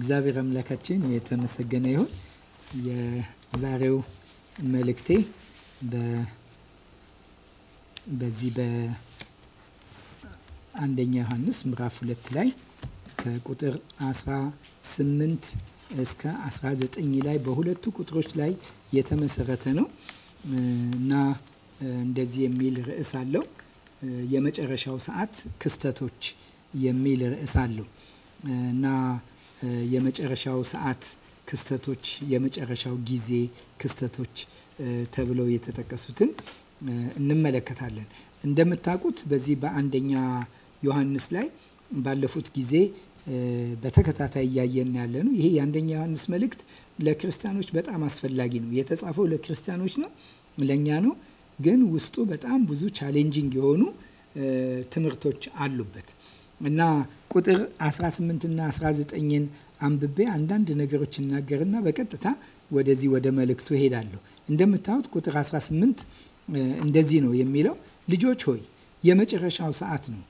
እግዚአብሔር አምላካችን የተመሰገነ ይሁን። የዛሬው መልእክቴ በዚህ በአንደኛ ዮሐንስ ምዕራፍ ሁለት ላይ ከቁጥር 18 እስከ 19 ላይ በሁለቱ ቁጥሮች ላይ የተመሰረተ ነው እና እንደዚህ የሚል ርዕስ አለው። የመጨረሻው ሰዓት ክስተቶች የሚል ርዕስ አለው እና የመጨረሻው ሰዓት ክስተቶች፣ የመጨረሻው ጊዜ ክስተቶች ተብለው የተጠቀሱትን እንመለከታለን። እንደምታውቁት በዚህ በአንደኛ ዮሐንስ ላይ ባለፉት ጊዜ በተከታታይ እያየን ያለ ነው። ይሄ የአንደኛ ዮሐንስ መልእክት ለክርስቲያኖች በጣም አስፈላጊ ነው። የተጻፈው ለክርስቲያኖች ነው፣ ለእኛ ነው። ግን ውስጡ በጣም ብዙ ቻሌንጂንግ የሆኑ ትምህርቶች አሉበት። እና ቁጥር 18 እና 19ን አንብቤ አንዳንድ ነገሮች እናገርና በቀጥታ ወደዚህ ወደ መልእክቱ ሄዳለሁ። እንደምታዩት ቁጥር 18 እንደዚህ ነው የሚለው፣ ልጆች ሆይ የመጨረሻው ሰዓት ነው፣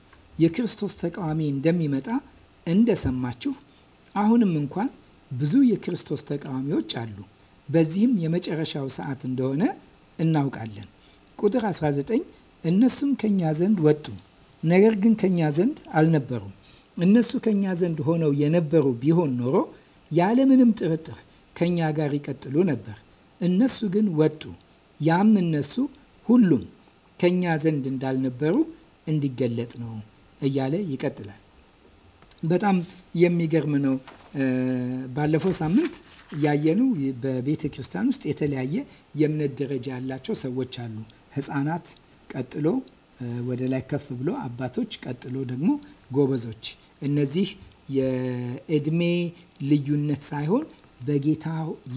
የክርስቶስ ተቃዋሚ እንደሚመጣ እንደሰማችሁ አሁንም እንኳን ብዙ የክርስቶስ ተቃዋሚዎች አሉ። በዚህም የመጨረሻው ሰዓት እንደሆነ እናውቃለን። ቁጥር 19 እነሱም ከእኛ ዘንድ ወጡ ነገር ግን ከኛ ዘንድ አልነበሩም። እነሱ ከኛ ዘንድ ሆነው የነበሩ ቢሆን ኖሮ ያለምንም ጥርጥር ከኛ ጋር ይቀጥሉ ነበር። እነሱ ግን ወጡ። ያም እነሱ ሁሉም ከኛ ዘንድ እንዳልነበሩ እንዲገለጥ ነው እያለ ይቀጥላል። በጣም የሚገርም ነው። ባለፈው ሳምንት ያየነው በቤተ ክርስቲያን ውስጥ የተለያየ የእምነት ደረጃ ያላቸው ሰዎች አሉ። ህፃናት ቀጥሎ ወደ ላይ ከፍ ብሎ አባቶች፣ ቀጥሎ ደግሞ ጎበዞች። እነዚህ የእድሜ ልዩነት ሳይሆን በጌታ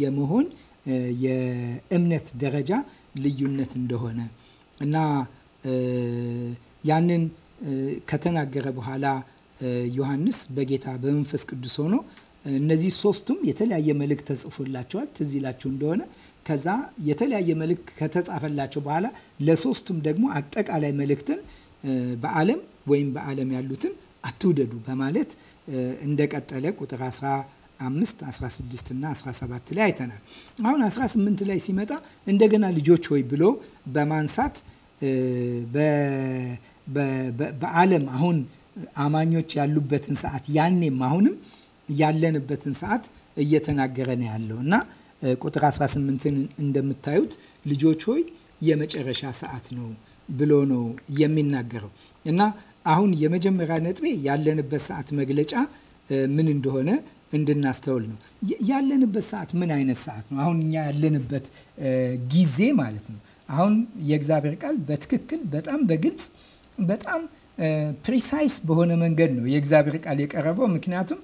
የመሆን የእምነት ደረጃ ልዩነት እንደሆነ እና ያንን ከተናገረ በኋላ ዮሐንስ በጌታ በመንፈስ ቅዱስ ሆኖ እነዚህ ሶስቱም የተለያየ መልእክት ተጽፎላቸዋል። ትዝ ይላችሁ እንደሆነ ከዛ የተለያየ መልእክት ከተጻፈላቸው በኋላ ለሶስቱም ደግሞ አጠቃላይ መልእክትን በዓለም ወይም በዓለም ያሉትን አትውደዱ በማለት እንደቀጠለ ቁጥር 15፣ 16 እና 17 ላይ አይተናል። አሁን 18 ላይ ሲመጣ እንደገና ልጆች ሆይ ብሎ በማንሳት በዓለም አሁን አማኞች ያሉበትን ሰዓት ያኔም አሁንም ያለንበትን ሰዓት እየተናገረ ነው ያለው እና ቁጥር 18ን እንደምታዩት ልጆች ሆይ የመጨረሻ ሰዓት ነው ብሎ ነው የሚናገረው እና አሁን የመጀመሪያ ነጥቤ ያለንበት ሰዓት መግለጫ ምን እንደሆነ እንድናስተውል ነው። ያለንበት ሰዓት ምን አይነት ሰዓት ነው? አሁን እኛ ያለንበት ጊዜ ማለት ነው። አሁን የእግዚአብሔር ቃል በትክክል በጣም በግልጽ በጣም ፕሪሳይስ በሆነ መንገድ ነው የእግዚአብሔር ቃል የቀረበው። ምክንያቱም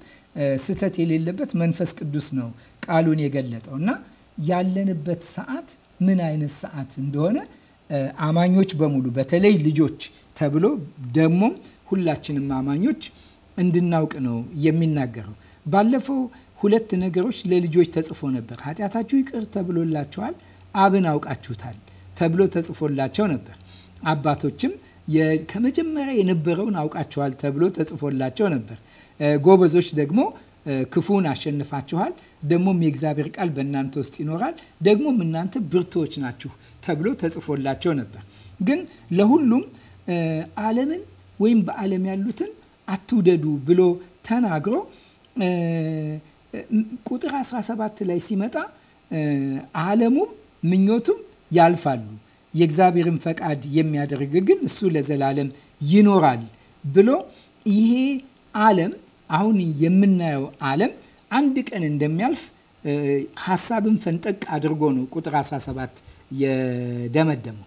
ስህተት የሌለበት መንፈስ ቅዱስ ነው ቃሉን የገለጠው እና ያለንበት ሰዓት ምን አይነት ሰዓት እንደሆነ አማኞች በሙሉ በተለይ ልጆች ተብሎ ደግሞም ሁላችንም አማኞች እንድናውቅ ነው የሚናገረው። ባለፈው ሁለት ነገሮች ለልጆች ተጽፎ ነበር። ኃጢአታችሁ ይቅር ተብሎላቸዋል አብን አውቃችሁታል ተብሎ ተጽፎላቸው ነበር። አባቶችም ከመጀመሪያ የነበረውን አውቃችኋል ተብሎ ተጽፎላቸው ነበር። ጎበዞች ደግሞ ክፉን አሸንፋችኋል፣ ደግሞም የእግዚአብሔር ቃል በእናንተ ውስጥ ይኖራል፣ ደግሞም እናንተ ብርቶች ናችሁ ተብሎ ተጽፎላቸው ነበር። ግን ለሁሉም ዓለምን ወይም በዓለም ያሉትን አትውደዱ ብሎ ተናግሮ ቁጥር 17 ላይ ሲመጣ ዓለሙም ምኞቱም ያልፋሉ፣ የእግዚአብሔርን ፈቃድ የሚያደርግ ግን እሱ ለዘላለም ይኖራል ብሎ ይሄ ዓለም አሁን የምናየው ዓለም አንድ ቀን እንደሚያልፍ ሀሳብን ፈንጠቅ አድርጎ ነው ቁጥር 17 የደመደመው።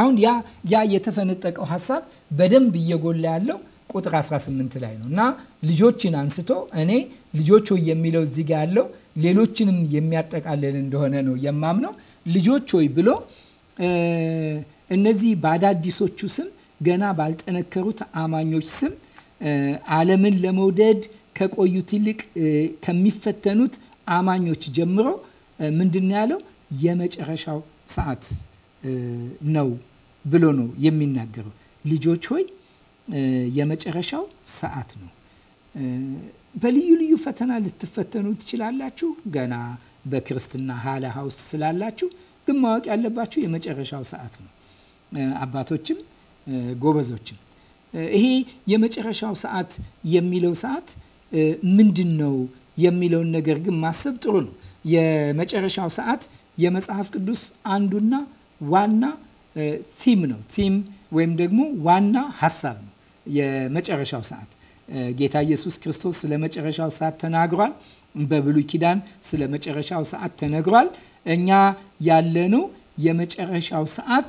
አሁን ያ ያ የተፈነጠቀው ሀሳብ በደንብ እየጎላ ያለው ቁጥር 18 ላይ ነው እና ልጆችን አንስቶ እኔ ልጆች ሆይ የሚለው እዚህ ጋ ያለው ሌሎችንም የሚያጠቃልል እንደሆነ ነው የማምነው። ልጆች ሆይ ብሎ እነዚህ በአዳዲሶቹ ስም ገና ባልጠነከሩት አማኞች ስም ዓለምን ለመውደድ ከቆዩት ይልቅ ከሚፈተኑት አማኞች ጀምሮ ምንድን ያለው የመጨረሻው ሰዓት ነው ብሎ ነው የሚናገረው። ልጆች ሆይ የመጨረሻው ሰዓት ነው። በልዩ ልዩ ፈተና ልትፈተኑ ትችላላችሁ። ገና በክርስትና ሀለ ሀውስ ስላላችሁ ግን ማወቅ ያለባችሁ የመጨረሻው ሰዓት ነው። አባቶችም ጎበዞችም ይሄ የመጨረሻው ሰዓት የሚለው ሰዓት ምንድን ነው የሚለውን ነገር ግን ማሰብ ጥሩ ነው። የመጨረሻው ሰዓት የመጽሐፍ ቅዱስ አንዱና ዋና ቲም ነው። ቲም ወይም ደግሞ ዋና ሀሳብ ነው። የመጨረሻው ሰዓት ጌታ ኢየሱስ ክርስቶስ ስለ መጨረሻው ሰዓት ተናግሯል። በብሉይ ኪዳን ስለ መጨረሻው ሰዓት ተነግሯል። እኛ ያለነው የመጨረሻው ሰዓት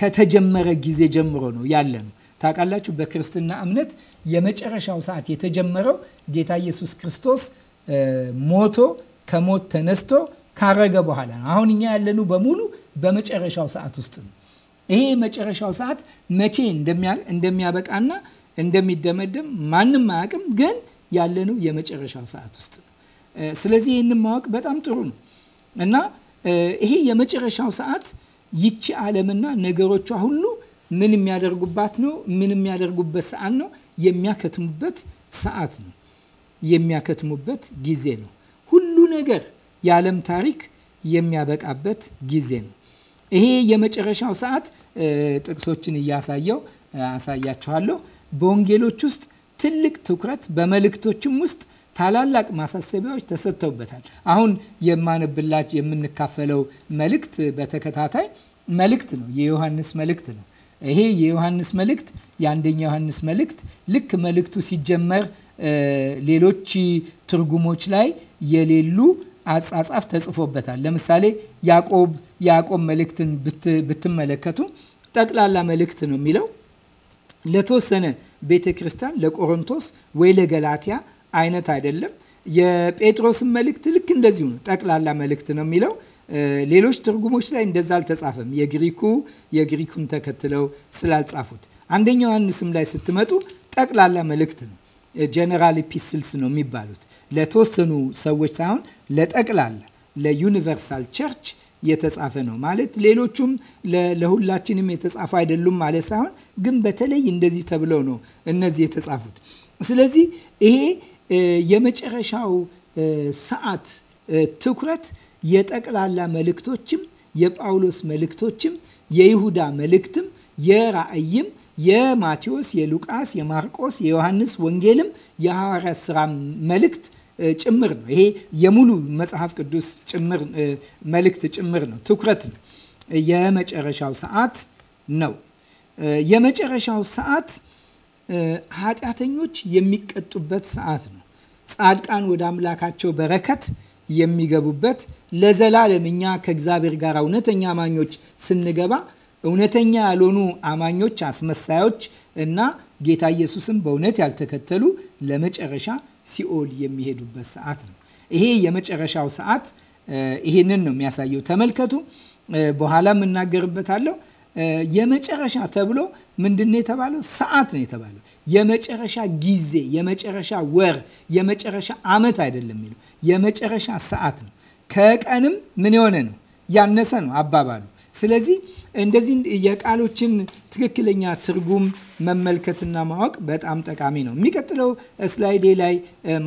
ከተጀመረ ጊዜ ጀምሮ ነው ያለ ነው። ታውቃላችሁ፣ በክርስትና እምነት የመጨረሻው ሰዓት የተጀመረው ጌታ ኢየሱስ ክርስቶስ ሞቶ ከሞት ተነስቶ ካረገ በኋላ ነው። አሁን እኛ ያለኑ በሙሉ በመጨረሻው ሰዓት ውስጥ ነው። ይሄ የመጨረሻው ሰዓት መቼ እንደሚያበቃና እንደሚደመደም ማንም አያውቅም፣ ግን ያለነው የመጨረሻው ሰዓት ውስጥ ነው። ስለዚህ ይህንን ማወቅ በጣም ጥሩ ነው እና ይሄ የመጨረሻው ሰዓት ይቺ ዓለምና ነገሮቿ ሁሉ ምን የሚያደርጉባት ነው? ምን የሚያደርጉበት ሰዓት ነው? የሚያከትሙበት ሰዓት ነው። የሚያከትሙበት ጊዜ ነው። ሁሉ ነገር የዓለም ታሪክ የሚያበቃበት ጊዜ ነው። ይሄ የመጨረሻው ሰዓት ጥቅሶችን እያሳየው አሳያችኋለሁ። በወንጌሎች ውስጥ ትልቅ ትኩረት፣ በመልእክቶችም ውስጥ ታላላቅ ማሳሰቢያዎች ተሰጥተውበታል። አሁን የማንብላች የምንካፈለው መልእክት በተከታታይ መልእክት ነው። የዮሐንስ መልእክት ነው። ይሄ የዮሐንስ መልእክት የአንደኛ ዮሐንስ መልእክት ልክ መልእክቱ ሲጀመር ሌሎች ትርጉሞች ላይ የሌሉ አጻጻፍ ተጽፎበታል። ለምሳሌ ያዕቆብ ያዕቆብ መልእክትን ብትመለከቱ ጠቅላላ መልእክት ነው የሚለው ለተወሰነ ቤተ ክርስቲያን ለቆሮንቶስ ወይ ለገላትያ አይነት አይደለም። የጴጥሮስን መልእክት ልክ እንደዚሁ ነው። ጠቅላላ መልእክት ነው የሚለው። ሌሎች ትርጉሞች ላይ እንደዛ አልተጻፈም። የግሪኩ የግሪኩን ተከትለው ስላልጻፉት አንደኛው ዮሐንስም ላይ ስትመጡ ጠቅላላ መልእክት ነው። ጀነራል ኢፒስልስ ነው የሚባሉት ለተወሰኑ ሰዎች ሳይሆን ለጠቅላላ ለዩኒቨርሳል ቸርች የተጻፈ ነው ማለት ሌሎቹም ለሁላችንም የተጻፉ አይደሉም ማለት ሳይሆን ግን በተለይ እንደዚህ ተብለው ነው እነዚህ የተጻፉት። ስለዚህ ይሄ የመጨረሻው ሰዓት ትኩረት የጠቅላላ መልእክቶችም የጳውሎስ መልእክቶችም የይሁዳ መልእክትም የራእይም የማቴዎስ የሉቃስ የማርቆስ የዮሐንስ ወንጌልም የሐዋርያት ስራ መልእክት ጭምር ነው። ይሄ የሙሉ መጽሐፍ ቅዱስ ጭምር መልእክት ጭምር ነው። ትኩረት ነው። የመጨረሻው ሰዓት ነው። የመጨረሻው ሰዓት ኃጢአተኞች የሚቀጡበት ሰዓት ነው። ጻድቃን ወደ አምላካቸው በረከት የሚገቡበት ለዘላለም እኛ ከእግዚአብሔር ጋር እውነተኛ አማኞች ስንገባ እውነተኛ ያልሆኑ አማኞች፣ አስመሳዮች እና ጌታ ኢየሱስን በእውነት ያልተከተሉ ለመጨረሻ ሲኦል የሚሄዱበት ሰዓት ነው። ይሄ የመጨረሻው ሰዓት ይሄንን ነው የሚያሳየው። ተመልከቱ፣ በኋላ እናገርበታለሁ። የመጨረሻ ተብሎ ምንድን ነው የተባለው? ሰዓት ነው የተባለው። የመጨረሻ ጊዜ፣ የመጨረሻ ወር፣ የመጨረሻ ዓመት አይደለም የሚለው የመጨረሻ ሰዓት ነው። ከቀንም ምን የሆነ ነው ያነሰ ነው አባባሉ። ስለዚህ እንደዚህ የቃሎችን ትክክለኛ ትርጉም መመልከትና ማወቅ በጣም ጠቃሚ ነው። የሚቀጥለው ስላይዴ ላይ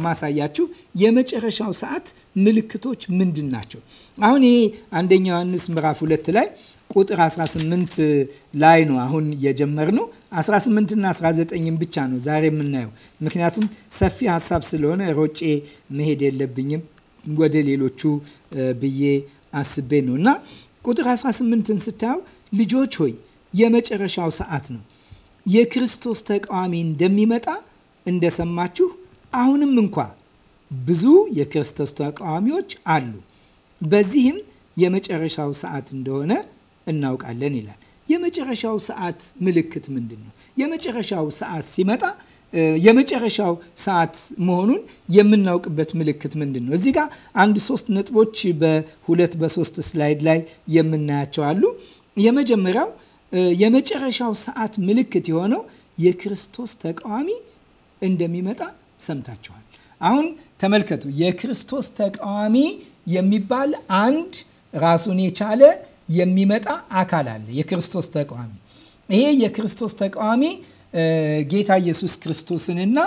ማሳያችሁ የመጨረሻው ሰዓት ምልክቶች ምንድን ናቸው? አሁን ይሄ አንደኛ ዮሐንስ ምዕራፍ ሁለት ላይ ቁጥር 18 ላይ ነው አሁን የጀመርነው። 18 እና 19 ብቻ ነው ዛሬ የምናየው፣ ምክንያቱም ሰፊ ሀሳብ ስለሆነ ሮጬ መሄድ የለብኝም ወደ ሌሎቹ ብዬ አስቤ ነው እና ቁጥር 18ን ስታየው ልጆች ሆይ የመጨረሻው ሰዓት ነው፣ የክርስቶስ ተቃዋሚ እንደሚመጣ እንደሰማችሁ አሁንም እንኳ ብዙ የክርስቶስ ተቃዋሚዎች አሉ። በዚህም የመጨረሻው ሰዓት እንደሆነ እናውቃለን ይላል። የመጨረሻው ሰዓት ምልክት ምንድን ነው? የመጨረሻው ሰዓት ሲመጣ የመጨረሻው ሰዓት መሆኑን የምናውቅበት ምልክት ምንድን ነው? እዚህ ጋር አንድ ሶስት ነጥቦች በሁለት በሶስት ስላይድ ላይ የምናያቸው አሉ። የመጀመሪያው የመጨረሻው ሰዓት ምልክት የሆነው የክርስቶስ ተቃዋሚ እንደሚመጣ ሰምታችኋል። አሁን ተመልከቱ። የክርስቶስ ተቃዋሚ የሚባል አንድ ራሱን የቻለ የሚመጣ አካል አለ፣ የክርስቶስ ተቃዋሚ። ይሄ የክርስቶስ ተቃዋሚ ጌታ ኢየሱስ ክርስቶስንና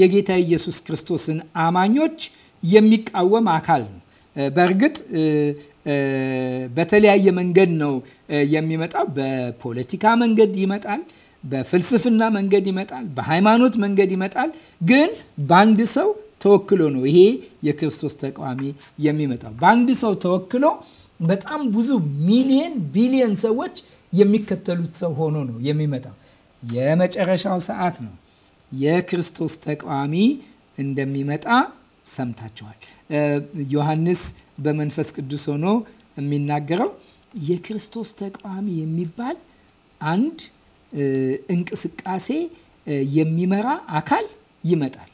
የጌታ ኢየሱስ ክርስቶስን አማኞች የሚቃወም አካል ነው። በእርግጥ በተለያየ መንገድ ነው የሚመጣው። በፖለቲካ መንገድ ይመጣል፣ በፍልስፍና መንገድ ይመጣል፣ በሃይማኖት መንገድ ይመጣል። ግን በአንድ ሰው ተወክሎ ነው ይሄ የክርስቶስ ተቃዋሚ የሚመጣው። በአንድ ሰው ተወክሎ በጣም ብዙ ሚሊየን ቢሊየን ሰዎች የሚከተሉት ሰው ሆኖ ነው የሚመጣው። የመጨረሻው ሰዓት ነው። የክርስቶስ ተቃዋሚ እንደሚመጣ ሰምታችኋል። ዮሐንስ በመንፈስ ቅዱስ ሆኖ የሚናገረው የክርስቶስ ተቃዋሚ የሚባል አንድ እንቅስቃሴ የሚመራ አካል ይመጣል።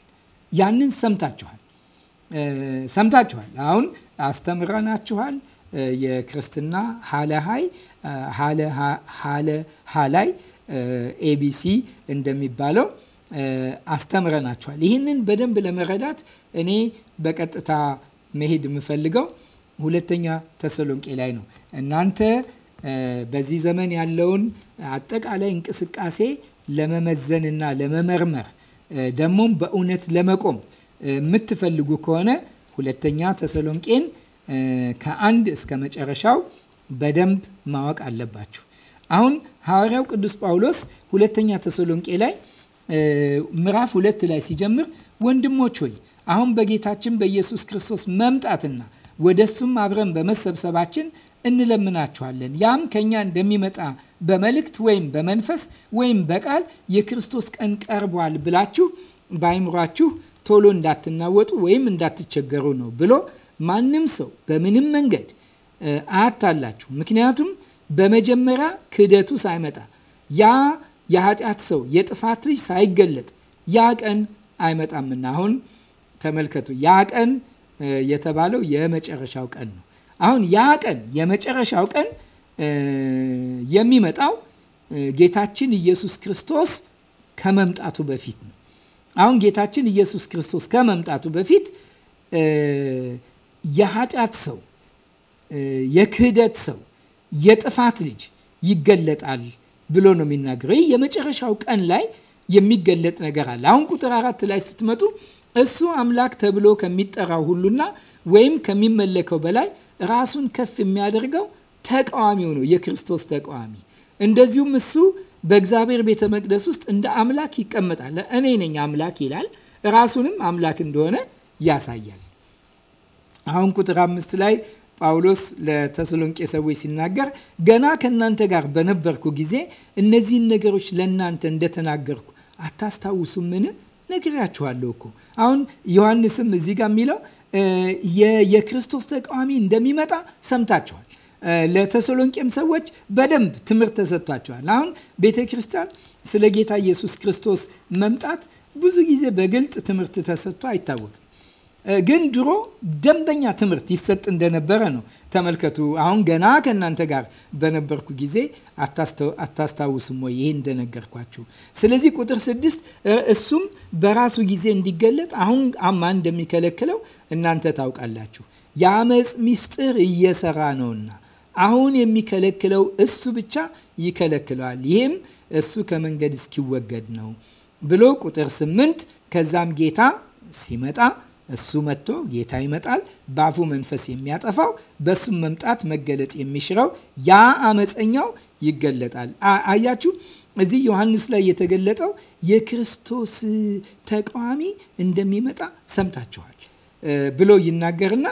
ያንን ሰምታችኋል ሰምታችኋል። አሁን አስተምረናችኋል። የክርስትና ሀለ ሀይ ሀለ ሀላይ ኤቢሲ እንደሚባለው አስተምረናቸዋል። ይህንን በደንብ ለመረዳት እኔ በቀጥታ መሄድ የምፈልገው ሁለተኛ ተሰሎንቄ ላይ ነው። እናንተ በዚህ ዘመን ያለውን አጠቃላይ እንቅስቃሴ ለመመዘንና ለመመርመር ደግሞም በእውነት ለመቆም የምትፈልጉ ከሆነ ሁለተኛ ተሰሎንቄን ከአንድ እስከ መጨረሻው በደንብ ማወቅ አለባችሁ። አሁን ሐዋርያው ቅዱስ ጳውሎስ ሁለተኛ ተሰሎንቄ ላይ ምዕራፍ ሁለት ላይ ሲጀምር ወንድሞች ሆይ አሁን በጌታችን በኢየሱስ ክርስቶስ መምጣትና ወደ እሱም አብረን በመሰብሰባችን እንለምናችኋለን። ያም ከእኛ እንደሚመጣ በመልእክት ወይም በመንፈስ ወይም በቃል የክርስቶስ ቀን ቀርቧል ብላችሁ በአይምሯችሁ ቶሎ እንዳትናወጡ ወይም እንዳትቸገሩ ነው ብሎ ማንም ሰው በምንም መንገድ አያታላችሁ። ምክንያቱም በመጀመሪያ ክህደቱ ሳይመጣ ያ የኃጢአት ሰው የጥፋት ልጅ ሳይገለጥ ያ ቀን አይመጣምና። አሁን ተመልከቱ፣ ያ ቀን የተባለው የመጨረሻው ቀን ነው። አሁን ያ ቀን የመጨረሻው ቀን የሚመጣው ጌታችን ኢየሱስ ክርስቶስ ከመምጣቱ በፊት ነው። አሁን ጌታችን ኢየሱስ ክርስቶስ ከመምጣቱ በፊት የኃጢአት ሰው፣ የክህደት ሰው፣ የጥፋት ልጅ ይገለጣል ብሎ ነው የሚናገረው። ይህ የመጨረሻው ቀን ላይ የሚገለጥ ነገር አለ። አሁን ቁጥር አራት ላይ ስትመጡ እሱ አምላክ ተብሎ ከሚጠራው ሁሉና ወይም ከሚመለከው በላይ ራሱን ከፍ የሚያደርገው ተቃዋሚው ነው፣ የክርስቶስ ተቃዋሚ። እንደዚሁም እሱ በእግዚአብሔር ቤተ መቅደስ ውስጥ እንደ አምላክ ይቀመጣል። እኔ ነኝ አምላክ ይላል። ራሱንም አምላክ እንደሆነ ያሳያል። አሁን ቁጥር አምስት ላይ ጳውሎስ ለተሰሎንቄ ሰዎች ሲናገር ገና ከእናንተ ጋር በነበርኩ ጊዜ እነዚህን ነገሮች ለእናንተ እንደተናገርኩ አታስታውሱምን? ነግሬያችኋለሁ እኮ። አሁን ዮሐንስም እዚህ ጋር የሚለው የክርስቶስ ተቃዋሚ እንደሚመጣ ሰምታችኋል። ለተሰሎንቄም ሰዎች በደንብ ትምህርት ተሰጥቷቸዋል። አሁን ቤተ ክርስቲያን ስለ ጌታ ኢየሱስ ክርስቶስ መምጣት ብዙ ጊዜ በግልጥ ትምህርት ተሰጥቶ አይታወቅም። ግን ድሮ ደንበኛ ትምህርት ይሰጥ እንደነበረ ነው። ተመልከቱ። አሁን ገና ከእናንተ ጋር በነበርኩ ጊዜ አታስታውስም ወይ ይሄ እንደነገርኳችሁ። ስለዚህ ቁጥር ስድስት እሱም በራሱ ጊዜ እንዲገለጥ አሁን አማ እንደሚከለክለው እናንተ ታውቃላችሁ። የአመፅ ሚስጥር እየሰራ ነውና አሁን የሚከለክለው እሱ ብቻ ይከለክለዋል። ይህም እሱ ከመንገድ እስኪወገድ ነው ብሎ ቁጥር ስምንት ከዛም ጌታ ሲመጣ እሱ መጥቶ ጌታ ይመጣል፣ በአፉ መንፈስ የሚያጠፋው በእሱም መምጣት መገለጥ የሚሽረው ያ አመፀኛው ይገለጣል። አያችሁ፣ እዚህ ዮሐንስ ላይ የተገለጠው የክርስቶስ ተቃዋሚ እንደሚመጣ ሰምታችኋል ብሎ ይናገርና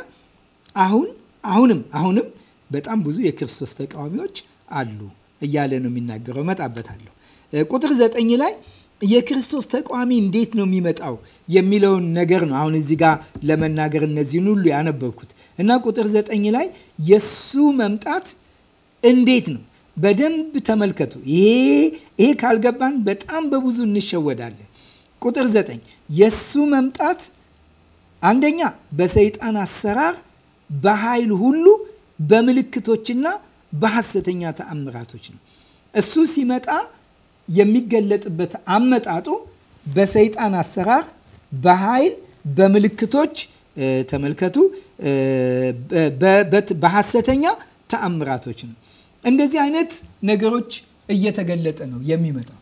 አሁን አሁንም አሁንም በጣም ብዙ የክርስቶስ ተቃዋሚዎች አሉ እያለ ነው የሚናገረው። እመጣበታለሁ። ቁጥር ዘጠኝ ላይ የክርስቶስ ተቃዋሚ እንዴት ነው የሚመጣው የሚለውን ነገር ነው አሁን እዚህ ጋር ለመናገር እነዚህን ሁሉ ያነበብኩት እና ቁጥር ዘጠኝ ላይ የሱ መምጣት እንዴት ነው? በደንብ ተመልከቱ። ይሄ ካልገባን በጣም በብዙ እንሸወዳለን። ቁጥር ዘጠኝ የሱ መምጣት አንደኛ በሰይጣን አሰራር በኃይል ሁሉ በምልክቶችና በሐሰተኛ ተአምራቶች ነው። እሱ ሲመጣ የሚገለጥበት አመጣጡ በሰይጣን አሰራር በኃይል በምልክቶች ተመልከቱ፣ በሐሰተኛ ተአምራቶች ነው። እንደዚህ አይነት ነገሮች እየተገለጠ ነው የሚመጣው።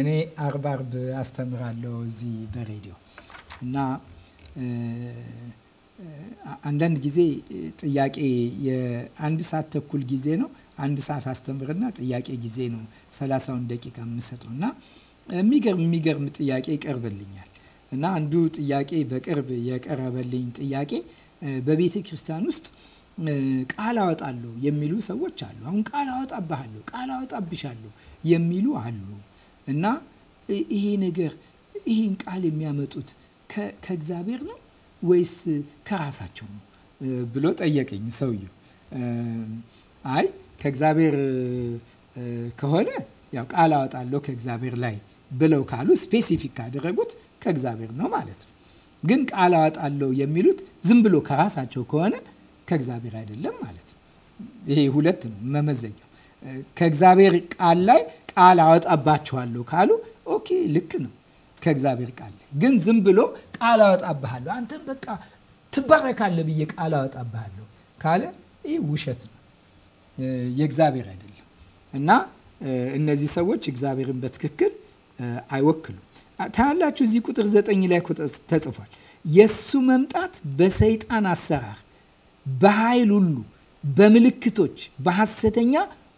እኔ አርብ አርብ አስተምራለሁ እዚህ በሬዲዮ እና አንዳንድ ጊዜ ጥያቄ የአንድ ሰዓት ተኩል ጊዜ ነው። አንድ ሰዓት አስተምርና ጥያቄ ጊዜ ነው ሰላሳውን ደቂቃ የምሰጠው እና የሚገርም የሚገርም ጥያቄ ይቀርብልኛል እና አንዱ ጥያቄ በቅርብ የቀረበልኝ ጥያቄ በቤተ ክርስቲያን ውስጥ ቃል አወጣለሁ የሚሉ ሰዎች አሉ። አሁን ቃል አወጣብሃለሁ፣ ቃል አወጣብሻለሁ የሚሉ አሉ እና ይሄ ነገር ይህን ቃል የሚያመጡት ከእግዚአብሔር ነው ወይስ ከራሳቸው ነው ብሎ ጠየቀኝ ሰውየው። አይ ከእግዚአብሔር ከሆነ ያው ቃል አወጣለሁ ከእግዚአብሔር ላይ ብለው ካሉ ስፔሲፊክ ካደረጉት ከእግዚአብሔር ነው ማለት ነው። ግን ቃል አወጣለሁ የሚሉት ዝም ብሎ ከራሳቸው ከሆነ ከእግዚአብሔር አይደለም ማለት ነው። ይሄ ሁለት ነው መመዘኛው። ከእግዚአብሔር ቃል ላይ ቃል አወጣባችኋለሁ ካሉ ኦኬ፣ ልክ ነው ከእግዚአብሔር ቃል ላይ ግን ዝም ብሎ ቃል አወጣብሃለሁ አንተም በቃ ትባረካለህ ብዬ ቃል አወጣብሃለሁ ካለ ይህ ውሸት ነው፣ የእግዚአብሔር አይደለም እና እነዚህ ሰዎች እግዚአብሔርን በትክክል አይወክሉም። ታያላችሁ እዚህ ቁጥር ዘጠኝ ላይ ተጽፏል። የእሱ መምጣት በሰይጣን አሰራር በኃይል ሁሉ በምልክቶች በሐሰተኛ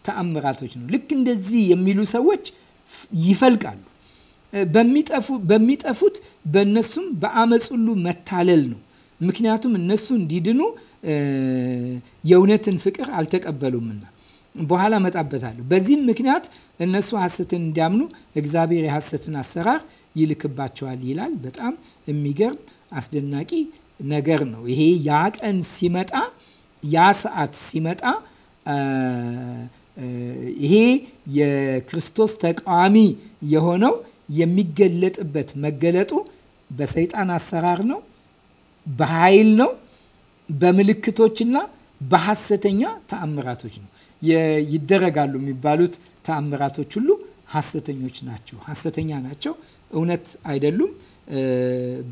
ተአምራቶች ነው። ልክ እንደዚህ የሚሉ ሰዎች ይፈልቃሉ። በሚጠፉት በእነሱም በአመፅ ሁሉ መታለል ነው። ምክንያቱም እነሱ እንዲድኑ የእውነትን ፍቅር አልተቀበሉምና በኋላ መጣበታለሁ። በዚህም ምክንያት እነሱ ሐሰትን እንዲያምኑ እግዚአብሔር የሐሰትን አሰራር ይልክባቸዋል ይላል። በጣም የሚገርም አስደናቂ ነገር ነው። ይሄ ያ ቀን ሲመጣ ያ ሰዓት ሲመጣ ይሄ የክርስቶስ ተቃዋሚ የሆነው የሚገለጥበት መገለጡ በሰይጣን አሰራር ነው፣ በኃይል ነው፣ በምልክቶችና በሐሰተኛ ተአምራቶች ነው። ይደረጋሉ የሚባሉት ተአምራቶች ሁሉ ሐሰተኞች ናቸው፣ ሐሰተኛ ናቸው። እውነት አይደሉም።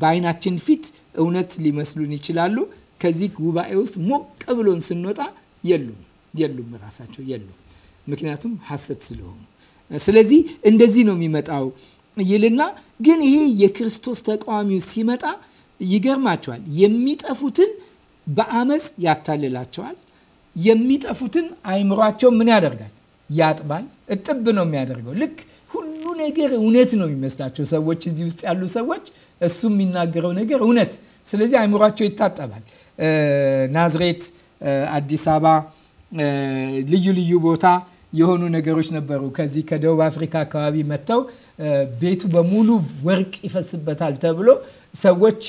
በአይናችን ፊት እውነት ሊመስሉን ይችላሉ። ከዚህ ጉባኤ ውስጥ ሞቅ ብሎን ስንወጣ የሉም የሉም ራሳቸው የሉም። ምክንያቱም ሐሰት ስለሆኑ ስለዚህ እንደዚህ ነው የሚመጣው ይልና ግን ይሄ የክርስቶስ ተቃዋሚው ሲመጣ ይገርማቸዋል። የሚጠፉትን በአመፅ ያታልላቸዋል። የሚጠፉትን አይምሯቸው ምን ያደርጋል? ያጥባል። እጥብ ነው የሚያደርገው ልክ ነገር እውነት ነው የሚመስላቸው ሰዎች፣ እዚህ ውስጥ ያሉ ሰዎች እሱ የሚናገረው ነገር እውነት። ስለዚህ አይምሯቸው ይታጠባል። ናዝሬት፣ አዲስ አበባ፣ ልዩ ልዩ ቦታ የሆኑ ነገሮች ነበሩ። ከዚህ ከደቡብ አፍሪካ አካባቢ መጥተው ቤቱ በሙሉ ወርቅ ይፈስበታል ተብሎ ሰዎች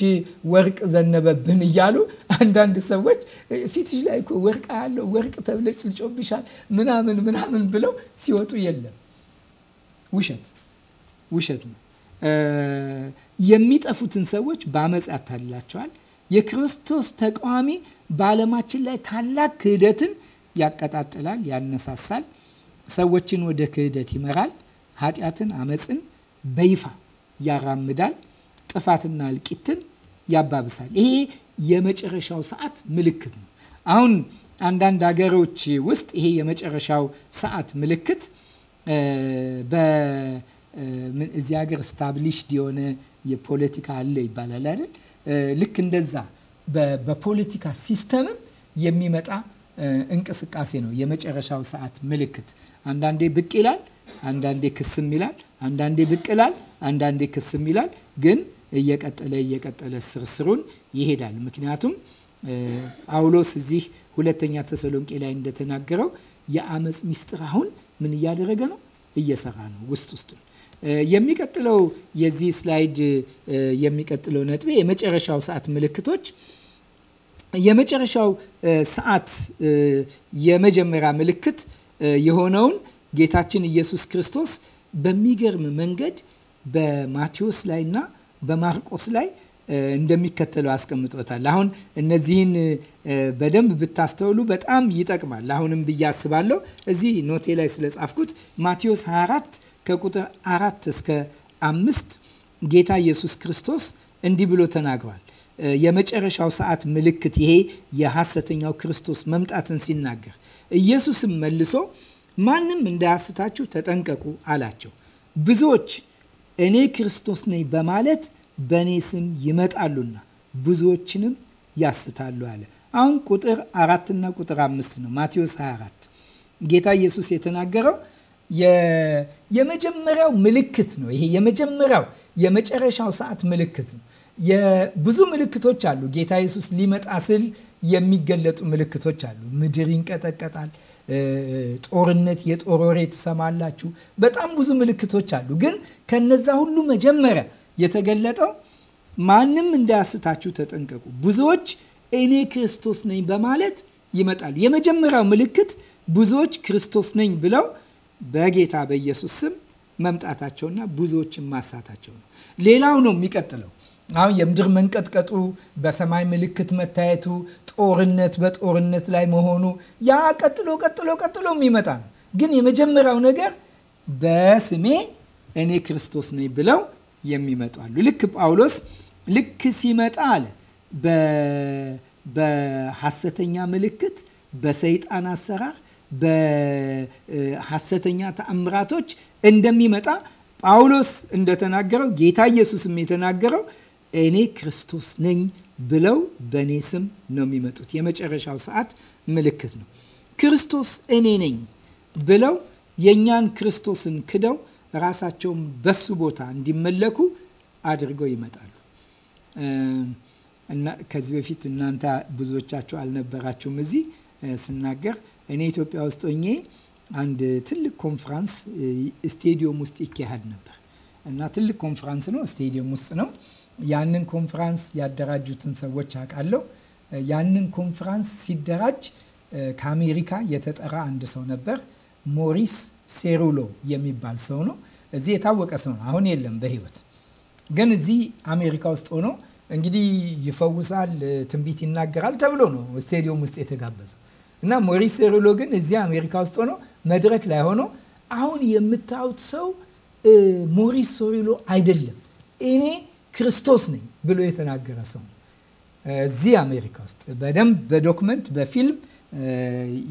ወርቅ ዘነበብን እያሉ አንዳንድ ሰዎች ፊትሽ ላይ ወርቅ ያለው ወርቅ ተብለጭልጮብሻል ምናምን ምናምን ብለው ሲወጡ የለም ውሸት ውሸት ነው። የሚጠፉትን ሰዎች በአመፅ ያታልላቸዋል። የክርስቶስ ተቃዋሚ በዓለማችን ላይ ታላቅ ክህደትን ያቀጣጥላል፣ ያነሳሳል፣ ሰዎችን ወደ ክህደት ይመራል። ኃጢአትን፣ አመፅን በይፋ ያራምዳል፣ ጥፋትና እልቂትን ያባብሳል። ይሄ የመጨረሻው ሰዓት ምልክት ነው። አሁን አንዳንድ ሀገሮች ውስጥ ይሄ የመጨረሻው ሰዓት ምልክት እዚህ ሀገር ስታብሊሽድ የሆነ የፖለቲካ አለ ይባላል አይደል? ልክ እንደዛ በፖለቲካ ሲስተምም የሚመጣ እንቅስቃሴ ነው። የመጨረሻው ሰዓት ምልክት አንዳንዴ ብቅ ይላል፣ አንዳንዴ ክስም ይላል፣ አንዳንዴ ብቅ ይላል፣ አንዳንዴ ክስም ይላል። ግን እየቀጠለ እየቀጠለ ስርስሩን ይሄዳል። ምክንያቱም ጳውሎስ እዚህ ሁለተኛ ተሰሎንቄ ላይ እንደተናገረው የአመፅ ሚስጥር አሁን ምን እያደረገ ነው? እየሰራ ነው ውስጥ ውስጡን። የሚቀጥለው የዚህ ስላይድ የሚቀጥለው ነጥቤ የመጨረሻው ሰዓት ምልክቶች የመጨረሻው ሰዓት የመጀመሪያ ምልክት የሆነውን ጌታችን ኢየሱስ ክርስቶስ በሚገርም መንገድ በማቴዎስ ላይና በማርቆስ ላይ እንደሚከተለው አስቀምጦታል። አሁን እነዚህን በደንብ ብታስተውሉ በጣም ይጠቅማል። አሁንም ብዬ አስባለሁ እዚህ ኖቴ ላይ ስለጻፍኩት ማቴዎስ 24 ከቁጥር አራት እስከ አምስት ጌታ ኢየሱስ ክርስቶስ እንዲህ ብሎ ተናግሯል። የመጨረሻው ሰዓት ምልክት ይሄ የሐሰተኛው ክርስቶስ መምጣትን ሲናገር ኢየሱስም መልሶ ማንም እንዳያስታችሁ ተጠንቀቁ አላቸው። ብዙዎች እኔ ክርስቶስ ነኝ በማለት በእኔ ስም ይመጣሉና ብዙዎችንም ያስታሉ አለ። አሁን ቁጥር አራትና ቁጥር አምስት ነው ማቴዎስ 24 ጌታ ኢየሱስ የተናገረው የመጀመሪያው ምልክት ነው። ይሄ የመጀመሪያው የመጨረሻው ሰዓት ምልክት ነው። ብዙ ምልክቶች አሉ። ጌታ ኢየሱስ ሊመጣ ስል የሚገለጡ ምልክቶች አሉ። ምድር ይንቀጠቀጣል፣ ጦርነት፣ የጦር ወሬ ትሰማላችሁ። በጣም ብዙ ምልክቶች አሉ። ግን ከነዛ ሁሉ መጀመሪያ የተገለጠው ማንም እንዳያስታችሁ ተጠንቀቁ። ብዙዎች እኔ ክርስቶስ ነኝ በማለት ይመጣሉ። የመጀመሪያው ምልክት ብዙዎች ክርስቶስ ነኝ ብለው በጌታ በኢየሱስ ስም መምጣታቸውና ብዙዎችን ማሳታቸው ነው። ሌላው ነው የሚቀጥለው አሁን የምድር መንቀጥቀጡ፣ በሰማይ ምልክት መታየቱ፣ ጦርነት በጦርነት ላይ መሆኑ ያ ቀጥሎ ቀጥሎ ቀጥሎ የሚመጣ ነው። ግን የመጀመሪያው ነገር በስሜ እኔ ክርስቶስ ነኝ ብለው የሚመጡ አሉ። ልክ ጳውሎስ ልክ ሲመጣ አለ በሐሰተኛ ምልክት፣ በሰይጣን አሰራር፣ በሐሰተኛ ተአምራቶች እንደሚመጣ ጳውሎስ እንደተናገረው ጌታ ኢየሱስም የተናገረው እኔ ክርስቶስ ነኝ ብለው በእኔ ስም ነው የሚመጡት። የመጨረሻው ሰዓት ምልክት ነው። ክርስቶስ እኔ ነኝ ብለው የእኛን ክርስቶስን ክደው ራሳቸውን በሱ ቦታ እንዲመለኩ አድርገው ይመጣሉ እና ከዚህ በፊት እናንተ ብዙዎቻችሁ አልነበራችሁም እዚህ ስናገር እኔ ኢትዮጵያ ውስጥ ሆኜ አንድ ትልቅ ኮንፍራንስ ስቴዲየም ውስጥ ይካሄድ ነበር እና ትልቅ ኮንፍራንስ ነው፣ ስቴዲየም ውስጥ ነው። ያንን ኮንፍራንስ ያደራጁትን ሰዎች አውቃለሁ። ያንን ኮንፍራንስ ሲደራጅ ከአሜሪካ የተጠራ አንድ ሰው ነበር ሞሪስ ሴሩሎ የሚባል ሰው ነው። እዚህ የታወቀ ሰው ነው። አሁን የለም በህይወት ግን እዚህ አሜሪካ ውስጥ ሆኖ እንግዲህ ይፈውሳል፣ ትንቢት ይናገራል ተብሎ ነው ስቴዲየም ውስጥ የተጋበዘው እና ሞሪስ ሴሩሎ ግን እዚህ አሜሪካ ውስጥ ሆኖ መድረክ ላይ ሆኖ አሁን የምታዩት ሰው ሞሪስ ሴሩሎ አይደለም፣ እኔ ክርስቶስ ነኝ ብሎ የተናገረ ሰው ነው። እዚህ አሜሪካ ውስጥ በደንብ በዶክመንት በፊልም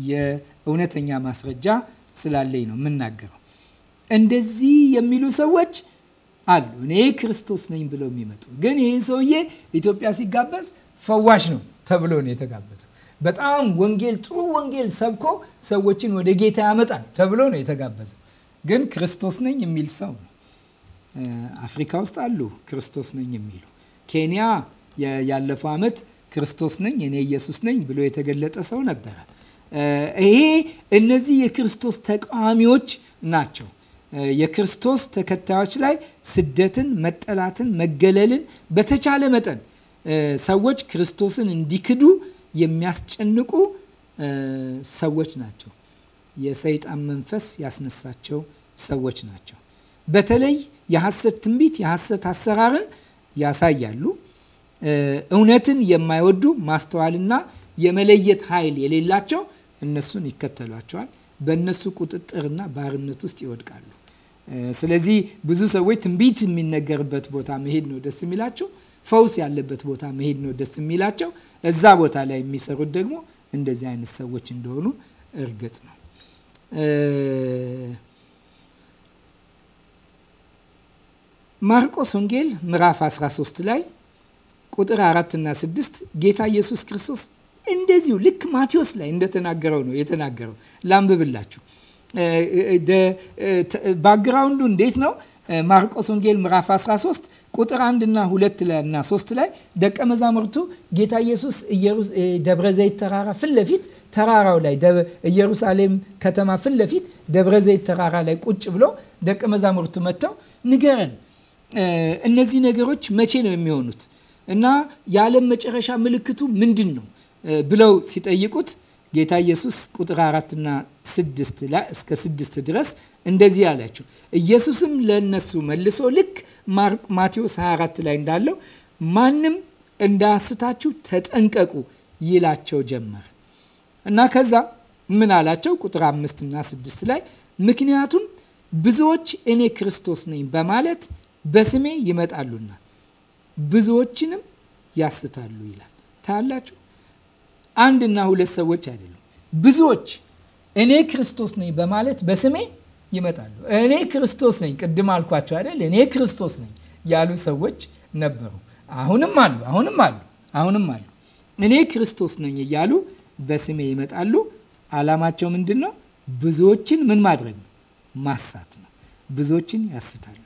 የእውነተኛ ማስረጃ ስላለኝ ነው የምናገረው። እንደዚህ የሚሉ ሰዎች አሉ። እኔ ክርስቶስ ነኝ ብለው የሚመጡ ግን ይህ ሰውዬ ኢትዮጵያ ሲጋበዝ ፈዋሽ ነው ተብሎ ነው የተጋበዘው። በጣም ወንጌል ጥሩ ወንጌል ሰብኮ ሰዎችን ወደ ጌታ ያመጣል ተብሎ ነው የተጋበዘው። ግን ክርስቶስ ነኝ የሚል ሰው ነው። አፍሪካ ውስጥ አሉ ክርስቶስ ነኝ የሚሉ። ኬንያ ያለፈው ዓመት ክርስቶስ ነኝ እኔ ኢየሱስ ነኝ ብሎ የተገለጠ ሰው ነበረ። ይሄ እነዚህ የክርስቶስ ተቃዋሚዎች ናቸው። የክርስቶስ ተከታዮች ላይ ስደትን፣ መጠላትን፣ መገለልን በተቻለ መጠን ሰዎች ክርስቶስን እንዲክዱ የሚያስጨንቁ ሰዎች ናቸው። የሰይጣን መንፈስ ያስነሳቸው ሰዎች ናቸው። በተለይ የሐሰት ትንቢት፣ የሐሰት አሰራርን ያሳያሉ። እውነትን የማይወዱ ማስተዋልና የመለየት ኃይል የሌላቸው እነሱን ይከተሏቸዋል። በእነሱ ቁጥጥርና ባርነት ውስጥ ይወድቃሉ። ስለዚህ ብዙ ሰዎች ትንቢት የሚነገርበት ቦታ መሄድ ነው ደስ የሚላቸው፣ ፈውስ ያለበት ቦታ መሄድ ነው ደስ የሚላቸው። እዛ ቦታ ላይ የሚሰሩት ደግሞ እንደዚህ አይነት ሰዎች እንደሆኑ እርግጥ ነው። ማርቆስ ወንጌል ምዕራፍ 13 ላይ ቁጥር 4 እና 6 ጌታ ኢየሱስ ክርስቶስ እንደዚሁ ልክ ማቴዎስ ላይ እንደተናገረው ነው የተናገረው። ላንብብላችሁ። ባግራውንዱ እንዴት ነው? ማርቆስ ወንጌል ምዕራፍ 13 ቁጥር 1 ሁለት ላይ እና ሶስት ላይ ደቀ መዛሙርቱ ጌታ ኢየሱስ ደብረ ዘይት ተራራ ፊት ለፊት ተራራው ላይ ኢየሩሳሌም ከተማ ፊት ለፊት ደብረ ዘይት ተራራ ላይ ቁጭ ብሎ ደቀ መዛሙርቱ መጥተው ንገረን፣ እነዚህ ነገሮች መቼ ነው የሚሆኑት እና የዓለም መጨረሻ ምልክቱ ምንድን ነው? ብለው ሲጠይቁት ጌታ ኢየሱስ ቁጥር አራትና ስድስት ላይ እስከ ስድስት ድረስ እንደዚህ አላቸው። ኢየሱስም ለእነሱ መልሶ ልክ ማቴዎስ 24 ላይ እንዳለው ማንም እንዳያስታችሁ ተጠንቀቁ ይላቸው ጀመር እና ከዛ ምን አላቸው? ቁጥር እና ስድስት ላይ ምክንያቱም ብዙዎች እኔ ክርስቶስ ነኝ በማለት በስሜ ይመጣሉና ብዙዎችንም ያስታሉ ይላል። ታያላችሁ አንድና ሁለት ሰዎች አይደሉም። ብዙዎች እኔ ክርስቶስ ነኝ በማለት በስሜ ይመጣሉ። እኔ ክርስቶስ ነኝ፣ ቅድም አልኳቸው አይደል? እኔ ክርስቶስ ነኝ ያሉ ሰዎች ነበሩ። አሁንም አሉ፣ አሁንም አሉ፣ አሁንም አሉ። እኔ ክርስቶስ ነኝ እያሉ በስሜ ይመጣሉ። አላማቸው ምንድን ነው? ብዙዎችን ምን ማድረግ ነው? ማሳት ነው። ብዙዎችን ያስታሉ።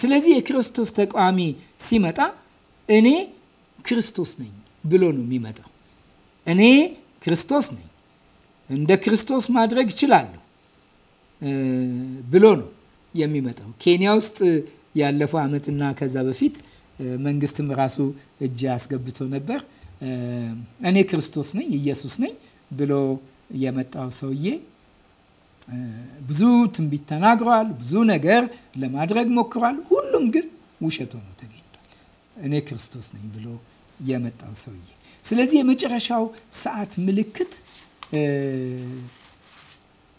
ስለዚህ የክርስቶስ ተቃዋሚ ሲመጣ እኔ ክርስቶስ ነኝ ብሎ ነው የሚመጣው። እኔ ክርስቶስ ነኝ፣ እንደ ክርስቶስ ማድረግ እችላለሁ ብሎ ነው የሚመጣው። ኬንያ ውስጥ ያለፈው ዓመትና ከዛ በፊት መንግስትም ራሱ እጅ አስገብቶ ነበር። እኔ ክርስቶስ ነኝ፣ ኢየሱስ ነኝ ብሎ የመጣው ሰውዬ ብዙ ትንቢት ተናግሯል። ብዙ ነገር ለማድረግ ሞክሯል። ሁሉም ግን ውሸት ሆኖ ተገኝቷል። እኔ ክርስቶስ ነኝ ብሎ የመጣው ሰውዬ። ስለዚህ የመጨረሻው ሰዓት ምልክት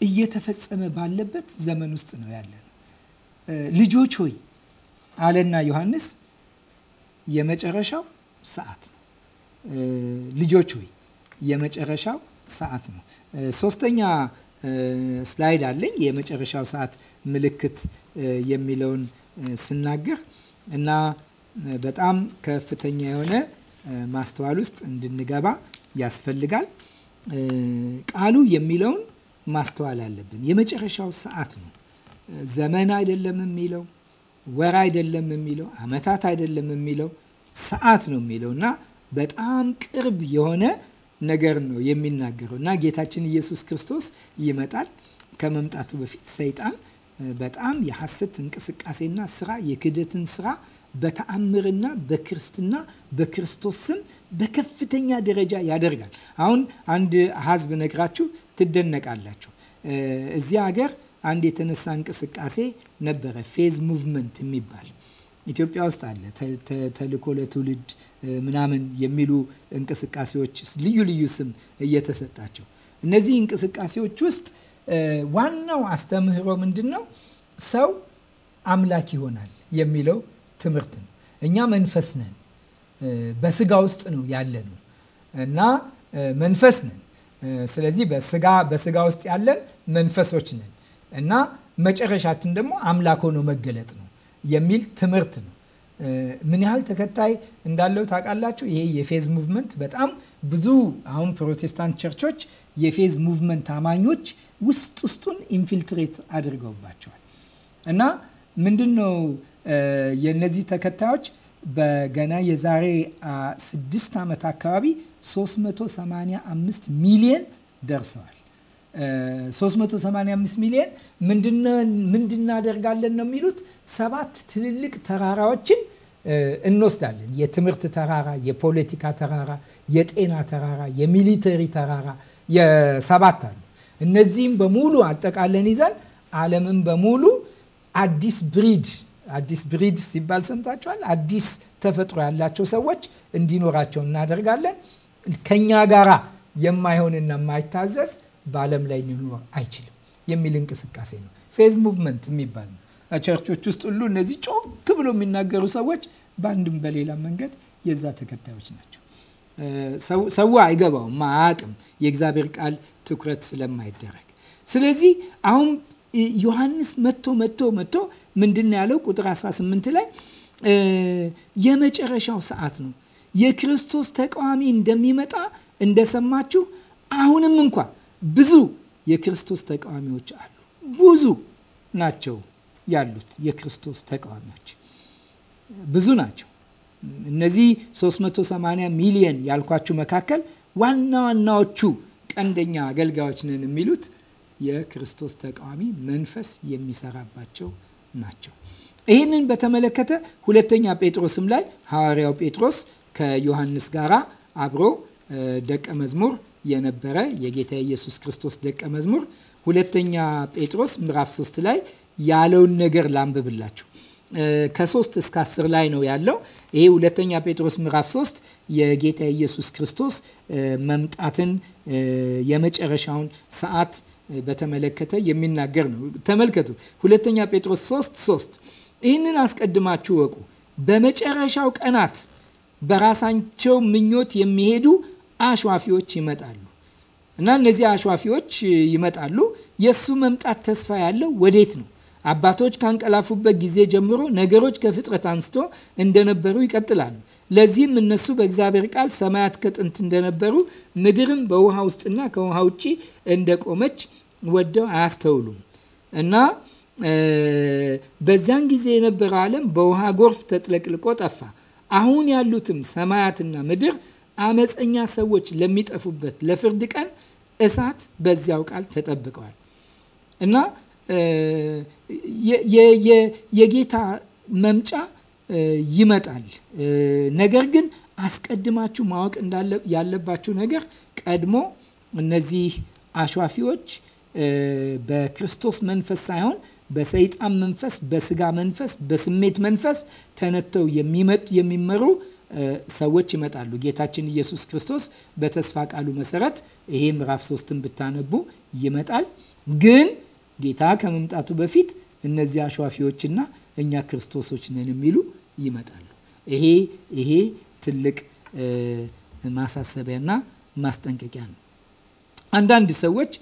እየተፈጸመ ባለበት ዘመን ውስጥ ነው ያለ ነው። ልጆች ሆይ አለና ዮሐንስ የመጨረሻው ሰዓት ነው። ልጆች ሆይ የመጨረሻው ሰዓት ነው። ሶስተኛ ስላይድ አለኝ። የመጨረሻው ሰዓት ምልክት የሚለውን ስናገር እና በጣም ከፍተኛ የሆነ ማስተዋል ውስጥ እንድንገባ ያስፈልጋል። ቃሉ የሚለውን ማስተዋል አለብን። የመጨረሻው ሰዓት ነው። ዘመን አይደለም የሚለው፣ ወር አይደለም የሚለው፣ ዓመታት አይደለም የሚለው፣ ሰዓት ነው የሚለው እና በጣም ቅርብ የሆነ ነገር ነው የሚናገረው እና ጌታችን ኢየሱስ ክርስቶስ ይመጣል። ከመምጣቱ በፊት ሰይጣን በጣም የሐሰት እንቅስቃሴና ስራ የክደትን ስራ በተአምርና በክርስትና በክርስቶስ ስም በከፍተኛ ደረጃ ያደርጋል። አሁን አንድ ሀዝብ ነግራችሁ ትደነቃላችሁ። እዚህ ሀገር አንድ የተነሳ እንቅስቃሴ ነበረ፣ ፌዝ ሙቭመንት የሚባል ኢትዮጵያ ውስጥ አለ። ተልእኮ ለትውልድ ምናምን የሚሉ እንቅስቃሴዎች ልዩ ልዩ ስም እየተሰጣቸው እነዚህ እንቅስቃሴዎች ውስጥ ዋናው አስተምህሮ ምንድን ነው? ሰው አምላክ ይሆናል የሚለው ትምህርት ነው። እኛ መንፈስ ነን። በስጋ ውስጥ ነው ያለነው እና መንፈስ ነን። ስለዚህ በስጋ በስጋ ውስጥ ያለን መንፈሶች ነን እና መጨረሻችን ደግሞ አምላክ ሆኖ መገለጥ ነው የሚል ትምህርት ነው። ምን ያህል ተከታይ እንዳለው ታውቃላችሁ? ይሄ የፌዝ ሙቭመንት በጣም ብዙ አሁን ፕሮቴስታንት ቸርቾች የፌዝ ሙቭመንት አማኞች ውስጥ ውስጡን ኢንፊልትሬት አድርገውባቸዋል እና ምንድን ነው የእነዚህ ተከታዮች በገና የዛሬ ስድስት ዓመት አካባቢ 385 ሚሊዮን ደርሰዋል። 385 ሚሊዮን ምንድናደርጋለን ነው የሚሉት። ሰባት ትልልቅ ተራራዎችን እንወስዳለን። የትምህርት ተራራ፣ የፖለቲካ ተራራ፣ የጤና ተራራ፣ የሚሊተሪ ተራራ የሰባት አሉ። እነዚህም በሙሉ አጠቃለን ይዘን ዓለምን በሙሉ አዲስ ብሪድ አዲስ ብሪድ ሲባል ሰምታችኋል። አዲስ ተፈጥሮ ያላቸው ሰዎች እንዲኖራቸው እናደርጋለን። ከኛ ጋራ የማይሆንና የማይታዘዝ በዓለም ላይ ሊኖር አይችልም የሚል እንቅስቃሴ ነው። ፌዝ ሙቭመንት የሚባል ነው። ቸርቾች ውስጥ ሁሉ እነዚህ ጮክ ብሎ የሚናገሩ ሰዎች በአንድም በሌላ መንገድ የዛ ተከታዮች ናቸው። ሰው አይገባውም፣ አያውቅም የእግዚአብሔር ቃል ትኩረት ስለማይደረግ። ስለዚህ አሁን ዮሐንስ መጥቶ መጥቶ መጥቶ ምንድን ያለው ቁጥር 18 ላይ የመጨረሻው ሰዓት ነው የክርስቶስ ተቃዋሚ እንደሚመጣ እንደሰማችሁ አሁንም እንኳ ብዙ የክርስቶስ ተቃዋሚዎች አሉ። ብዙ ናቸው ያሉት የክርስቶስ ተቃዋሚዎች ብዙ ናቸው። እነዚህ 380 ሚሊየን ያልኳችሁ መካከል ዋና ዋናዎቹ ቀንደኛ አገልጋዮች ነን የሚሉት የክርስቶስ ተቃዋሚ መንፈስ የሚሰራባቸው ናቸው። ይህንን በተመለከተ ሁለተኛ ጴጥሮስም ላይ ሐዋርያው ጴጥሮስ ከዮሐንስ ጋራ አብሮ ደቀ መዝሙር የነበረ የጌታ ኢየሱስ ክርስቶስ ደቀ መዝሙር ሁለተኛ ጴጥሮስ ምዕራፍ 3 ላይ ያለውን ነገር ላንብብላችሁ። ከሶስት እስከ አስር ላይ ነው ያለው። ይሄ ሁለተኛ ጴጥሮስ ምዕራፍ 3 የጌታ ኢየሱስ ክርስቶስ መምጣትን የመጨረሻውን ሰዓት በተመለከተ የሚናገር ነው። ተመልከቱ ሁለተኛ ጴጥሮስ 3 3 ይህንን አስቀድማችሁ ወቁ በመጨረሻው ቀናት በራሳቸው ምኞት የሚሄዱ አሽዋፊዎች ይመጣሉ እና እነዚህ አሽዋፊዎች ይመጣሉ። የእሱ መምጣት ተስፋ ያለው ወዴት ነው? አባቶች ካንቀላፉበት ጊዜ ጀምሮ ነገሮች ከፍጥረት አንስቶ እንደነበሩ ይቀጥላሉ። ለዚህም እነሱ በእግዚአብሔር ቃል ሰማያት ከጥንት እንደነበሩ ምድርም በውሃ ውስጥና ከውሃ ውጭ እንደቆመች ወደው አያስተውሉም እና በዚያን ጊዜ የነበረው ዓለም በውሃ ጎርፍ ተጥለቅልቆ ጠፋ። አሁን ያሉትም ሰማያትና ምድር አመፀኛ ሰዎች ለሚጠፉበት ለፍርድ ቀን እሳት በዚያው ቃል ተጠብቀዋል እና የጌታ መምጫ ይመጣል። ነገር ግን አስቀድማችሁ ማወቅ ያለባችሁ ነገር ቀድሞ እነዚህ አሿፊዎች በክርስቶስ መንፈስ ሳይሆን በሰይጣን መንፈስ፣ በስጋ መንፈስ፣ በስሜት መንፈስ ተነተው የሚመሩ ሰዎች ይመጣሉ። ጌታችን ኢየሱስ ክርስቶስ በተስፋ ቃሉ መሰረት ይሄ ምዕራፍ ሶስትን ብታነቡ ይመጣል። ግን ጌታ ከመምጣቱ በፊት እነዚህ አሸዋፊዎችና እኛ ክርስቶሶች ነን የሚሉ ይመጣሉ። ይሄ ይሄ ትልቅ ማሳሰቢያና ማስጠንቀቂያ ነው። አንዳንድ ሰዎች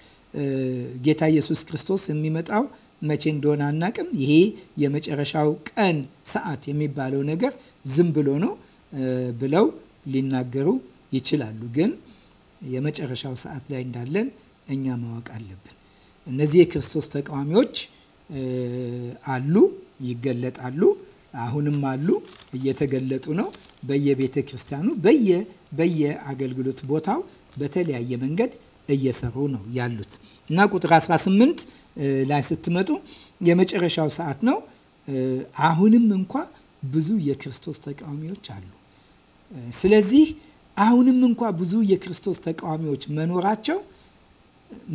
ጌታ ኢየሱስ ክርስቶስ የሚመጣው መቼ እንደሆነ አናቅም፣ ይሄ የመጨረሻው ቀን ሰዓት የሚባለው ነገር ዝም ብሎ ነው ብለው ሊናገሩ ይችላሉ። ግን የመጨረሻው ሰዓት ላይ እንዳለን እኛ ማወቅ አለብን። እነዚህ የክርስቶስ ተቃዋሚዎች አሉ። ይገለጣሉ። አሁንም አሉ፣ እየተገለጡ ነው። በየቤተ ክርስቲያኑ በየ በየ አገልግሎት ቦታው በተለያየ መንገድ እየሰሩ ነው ያሉት እና ቁጥር 18 ላይ ስትመጡ የመጨረሻው ሰዓት ነው። አሁንም እንኳ ብዙ የክርስቶስ ተቃዋሚዎች አሉ። ስለዚህ አሁንም እንኳ ብዙ የክርስቶስ ተቃዋሚዎች መኖራቸው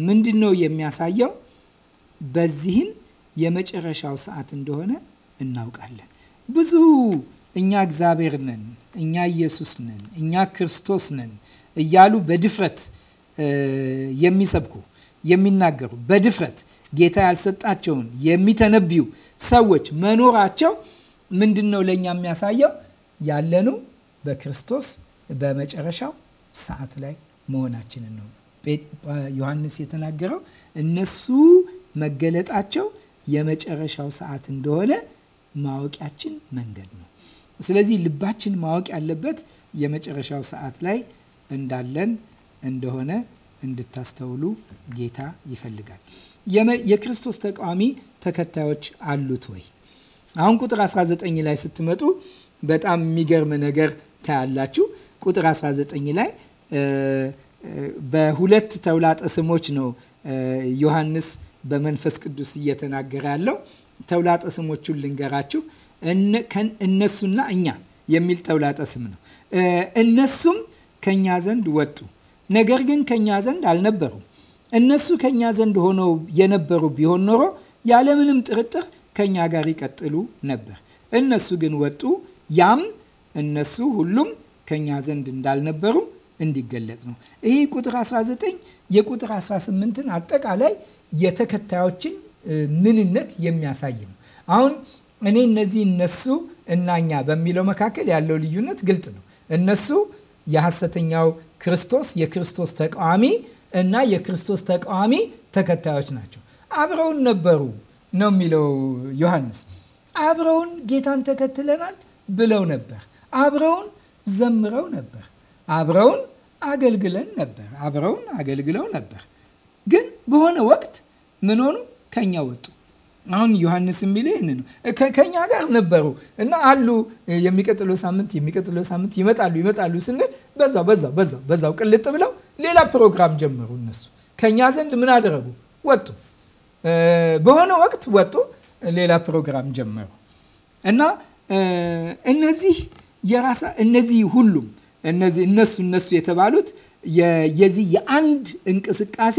ምንድን ነው የሚያሳየው? በዚህም የመጨረሻው ሰዓት እንደሆነ እናውቃለን። ብዙ እኛ እግዚአብሔር ነን፣ እኛ ኢየሱስ ነን፣ እኛ ክርስቶስ ነን እያሉ በድፍረት የሚሰብኩ የሚናገሩ በድፍረት ጌታ ያልሰጣቸውን የሚተነብዩ ሰዎች መኖራቸው ምንድን ነው ለእኛ የሚያሳየው? ያለኑ በክርስቶስ በመጨረሻው ሰዓት ላይ መሆናችንን ነው። ዮሐንስ የተናገረው እነሱ መገለጣቸው የመጨረሻው ሰዓት እንደሆነ ማወቂያችን መንገድ ነው። ስለዚህ ልባችን ማወቅ ያለበት የመጨረሻው ሰዓት ላይ እንዳለን እንደሆነ እንድታስተውሉ ጌታ ይፈልጋል። የክርስቶስ ተቃዋሚ ተከታዮች አሉት ወይ? አሁን ቁጥር 19 ላይ ስትመጡ በጣም የሚገርም ነገር ታያላችሁ። ቁጥር 19 ላይ በሁለት ተውላጠ ስሞች ነው ዮሐንስ በመንፈስ ቅዱስ እየተናገረ ያለው ተውላጠ ስሞቹን ልንገራችሁ። እነሱና እኛ የሚል ተውላጠ ስም ነው። እነሱም ከእኛ ዘንድ ወጡ፣ ነገር ግን ከእኛ ዘንድ አልነበሩም። እነሱ ከእኛ ዘንድ ሆነው የነበሩ ቢሆን ኖሮ ያለምንም ጥርጥር ከእኛ ጋር ይቀጥሉ ነበር። እነሱ ግን ወጡ፣ ያም እነሱ ሁሉም ከእኛ ዘንድ እንዳልነበሩ እንዲገለጽ ነው። ይህ ቁጥር 19 የቁጥር 18ን አጠቃላይ የተከታዮችን ምንነት የሚያሳይ ነው። አሁን እኔ እነዚህ እነሱ እና እኛ በሚለው መካከል ያለው ልዩነት ግልጽ ነው። እነሱ የሐሰተኛው ክርስቶስ የክርስቶስ ተቃዋሚ እና የክርስቶስ ተቃዋሚ ተከታዮች ናቸው። አብረውን ነበሩ ነው የሚለው ዮሐንስ። አብረውን ጌታን ተከትለናል ብለው ነበር። አብረውን ዘምረው ነበር። አብረውን አገልግለን ነበር። አብረውን አገልግለው ነበር። ግን በሆነ ወቅት ምን ሆኑ? ከኛ ወጡ። አሁን ዮሐንስ የሚለው ይህን ነው። ከኛ ጋር ነበሩ እና አሉ። የሚቀጥለው ሳምንት የሚቀጥለው ሳምንት ይመጣሉ ይመጣሉ ስንል በዛው በዛው በዛው በዛው ቅልጥ ብለው ሌላ ፕሮግራም ጀመሩ። እነሱ ከኛ ዘንድ ምን አደረጉ? ወጡ። በሆነ ወቅት ወጡ፣ ሌላ ፕሮግራም ጀመሩ እና እነዚህ የራሳ እነዚህ ሁሉም እነዚህ እነሱ እነሱ የተባሉት የዚህ የአንድ እንቅስቃሴ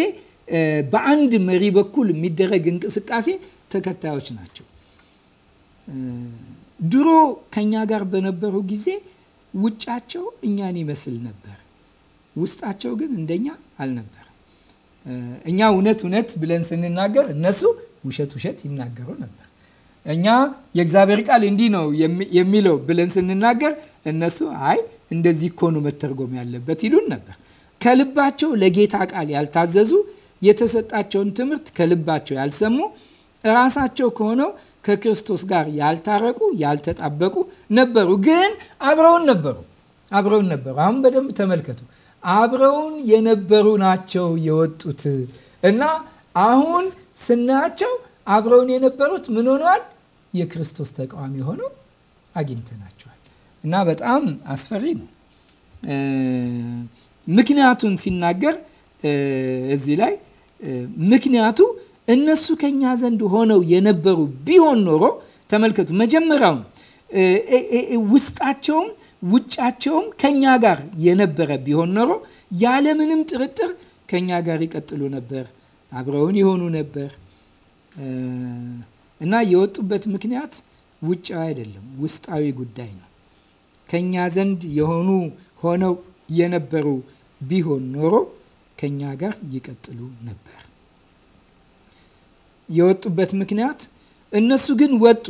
በአንድ መሪ በኩል የሚደረግ እንቅስቃሴ ተከታዮች ናቸው። ድሮ ከኛ ጋር በነበሩ ጊዜ ውጫቸው እኛን ይመስል ነበር፣ ውስጣቸው ግን እንደኛ አልነበር። እኛ እውነት እውነት ብለን ስንናገር እነሱ ውሸት ውሸት ይናገሩ ነበር። እኛ የእግዚአብሔር ቃል እንዲህ ነው የሚለው ብለን ስንናገር እነሱ አይ እንደዚህ እኮ ነው መተርጎም ያለበት ይሉን ነበር። ከልባቸው ለጌታ ቃል ያልታዘዙ፣ የተሰጣቸውን ትምህርት ከልባቸው ያልሰሙ፣ ራሳቸው ከሆነው ከክርስቶስ ጋር ያልታረቁ፣ ያልተጣበቁ ነበሩ። ግን አብረውን ነበሩ አብረውን ነበሩ። አሁን በደንብ ተመልከቱ። አብረውን የነበሩ ናቸው የወጡት እና አሁን ስናያቸው አብረውን የነበሩት ምን ሆነዋል? የክርስቶስ ተቃዋሚ ሆነው አግኝተናቸዋል። እና በጣም አስፈሪ ነው። ምክንያቱን ሲናገር እዚህ ላይ ምክንያቱ እነሱ ከኛ ዘንድ ሆነው የነበሩ ቢሆን ኖሮ ተመልከቱ፣ መጀመሪያውን ውስጣቸውም ውጫቸውም ከኛ ጋር የነበረ ቢሆን ኖሮ ያለምንም ጥርጥር ከኛ ጋር ይቀጥሉ ነበር፣ አብረውን የሆኑ ነበር እና የወጡበት ምክንያት ውጫዊ አይደለም፣ ውስጣዊ ጉዳይ ነው። ከእኛ ዘንድ የሆኑ ሆነው የነበሩ ቢሆን ኖሮ ከእኛ ጋር ይቀጥሉ ነበር። የወጡበት ምክንያት እነሱ ግን ወጡ።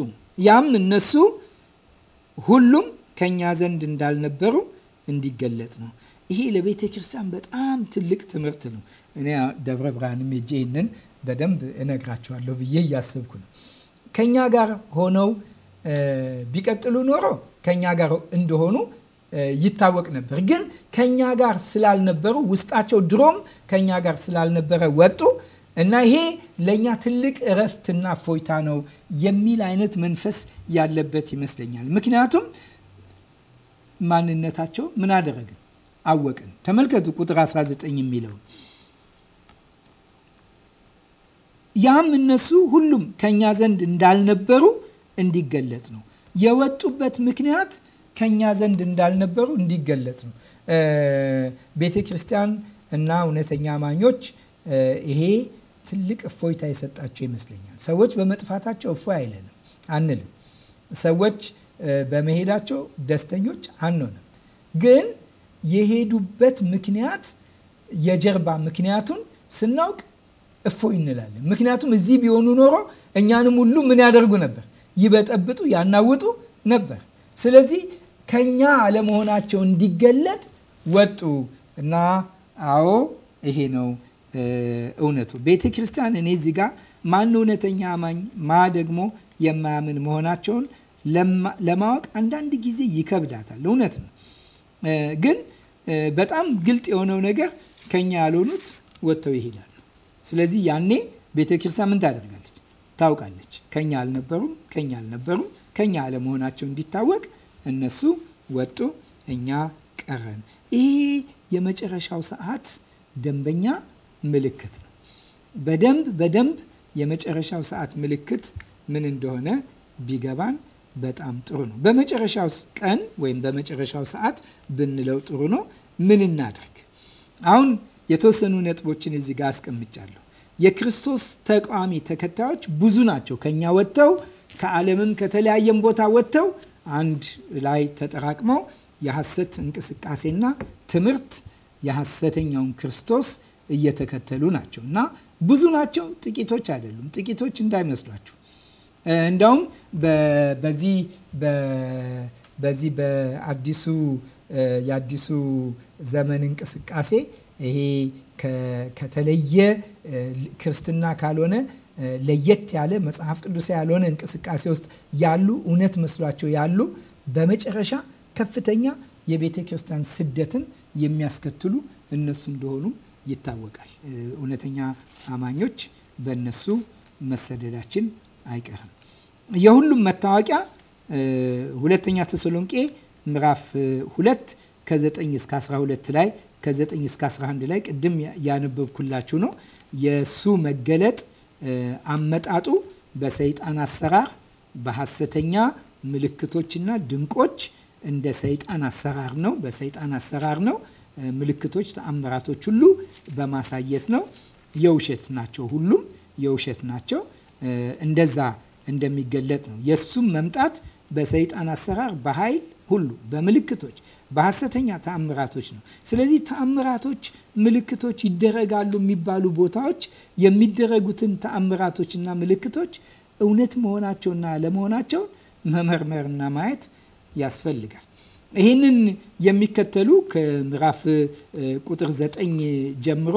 ያም እነሱ ሁሉም ከእኛ ዘንድ እንዳልነበሩ እንዲገለጥ ነው። ይሄ ለቤተ ክርስቲያን በጣም ትልቅ ትምህርት ነው። እኔ ደብረ ብርሃን ሄጄ ይህንን በደንብ እነግራቸዋለሁ ብዬ እያሰብኩ ነው። ከእኛ ጋር ሆነው ቢቀጥሉ ኖሮ ከኛ ጋር እንደሆኑ ይታወቅ ነበር። ግን ከኛ ጋር ስላልነበሩ ውስጣቸው ድሮም ከኛ ጋር ስላልነበረ ወጡ እና ይሄ ለእኛ ትልቅ እረፍትና ፎይታ ነው የሚል አይነት መንፈስ ያለበት ይመስለኛል። ምክንያቱም ማንነታቸው ምን አደረግን? አወቅን። ተመልከቱ ቁጥር 19 የሚለው ያም እነሱ ሁሉም ከእኛ ዘንድ እንዳልነበሩ እንዲገለጥ ነው የወጡበት ምክንያት ከኛ ዘንድ እንዳልነበሩ እንዲገለጥ ነው። ቤተ ክርስቲያን እና እውነተኛ አማኞች ይሄ ትልቅ እፎይታ የሰጣቸው ይመስለኛል። ሰዎች በመጥፋታቸው እፎይ አይለንም አንልም። ሰዎች በመሄዳቸው ደስተኞች አንሆንም። ግን የሄዱበት ምክንያት የጀርባ ምክንያቱን ስናውቅ እፎይ እንላለን። ምክንያቱም እዚህ ቢሆኑ ኖሮ እኛንም ሁሉ ምን ያደርጉ ነበር ይበጠብጡ፣ ያናውጡ ነበር። ስለዚህ ከኛ አለመሆናቸው እንዲገለጥ ወጡ እና አዎ ይሄ ነው እውነቱ። ቤተ ክርስቲያን እኔ እዚህ ጋር ማን እውነተኛ አማኝ ማ ደግሞ የማያምን መሆናቸውን ለማወቅ አንዳንድ ጊዜ ይከብዳታል። እውነት ነው። ግን በጣም ግልጥ የሆነው ነገር ከኛ ያልሆኑት ወጥተው ይሄዳሉ። ስለዚህ ያኔ ቤተ ክርስቲያን ምን ታደርጋለች? ታውቃለች። ከኛ አልነበሩም፣ ከኛ አልነበሩም፣ ከኛ አለመሆናቸው እንዲታወቅ እነሱ ወጡ፣ እኛ ቀረን። ይሄ የመጨረሻው ሰዓት ደንበኛ ምልክት ነው። በደንብ በደንብ የመጨረሻው ሰዓት ምልክት ምን እንደሆነ ቢገባን በጣም ጥሩ ነው። በመጨረሻው ቀን ወይም በመጨረሻው ሰዓት ብንለው ጥሩ ነው። ምን እናድርግ? አሁን የተወሰኑ ነጥቦችን እዚህ ጋር አስቀምጫለሁ። የክርስቶስ ተቃዋሚ ተከታዮች ብዙ ናቸው። ከኛ ወጥተው ከዓለምም ከተለያየም ቦታ ወጥተው አንድ ላይ ተጠራቅመው የሐሰት እንቅስቃሴና ትምህርት የሐሰተኛውን ክርስቶስ እየተከተሉ ናቸው እና ብዙ ናቸው፣ ጥቂቶች አይደሉም። ጥቂቶች እንዳይመስሏችሁ። እንደውም በዚህ በዚህ በአዲሱ የአዲሱ ዘመን እንቅስቃሴ ይሄ ከተለየ ክርስትና ካልሆነ ለየት ያለ መጽሐፍ ቅዱስ ያልሆነ እንቅስቃሴ ውስጥ ያሉ እውነት መስሏቸው ያሉ በመጨረሻ ከፍተኛ የቤተ ክርስቲያን ስደትን የሚያስከትሉ እነሱ እንደሆኑ ይታወቃል። እውነተኛ አማኞች በእነሱ መሰደዳችን አይቀርም። የሁሉም መታወቂያ ሁለተኛ ተሰሎንቄ ምዕራፍ ሁለት 9 እስከ 12 ላይ ከ9 እስከ 11 ላይ ቅድም ያነበብኩላችሁ ነው። የእሱ መገለጥ አመጣጡ በሰይጣን አሰራር በሐሰተኛ ምልክቶችና ድንቆች እንደ ሰይጣን አሰራር ነው። በሰይጣን አሰራር ነው። ምልክቶች፣ ተአምራቶች ሁሉ በማሳየት ነው። የውሸት ናቸው። ሁሉም የውሸት ናቸው። እንደዛ እንደሚገለጥ ነው። የእሱም መምጣት በሰይጣን አሰራር በኃይል ሁሉ በምልክቶች በሐሰተኛ ተአምራቶች ነው። ስለዚህ ተአምራቶች፣ ምልክቶች ይደረጋሉ የሚባሉ ቦታዎች የሚደረጉትን ተአምራቶችና ምልክቶች እውነት መሆናቸውና ለመሆናቸውን መመርመርና ማየት ያስፈልጋል። ይህንን የሚከተሉ ከምዕራፍ ቁጥር ዘጠኝ ጀምሮ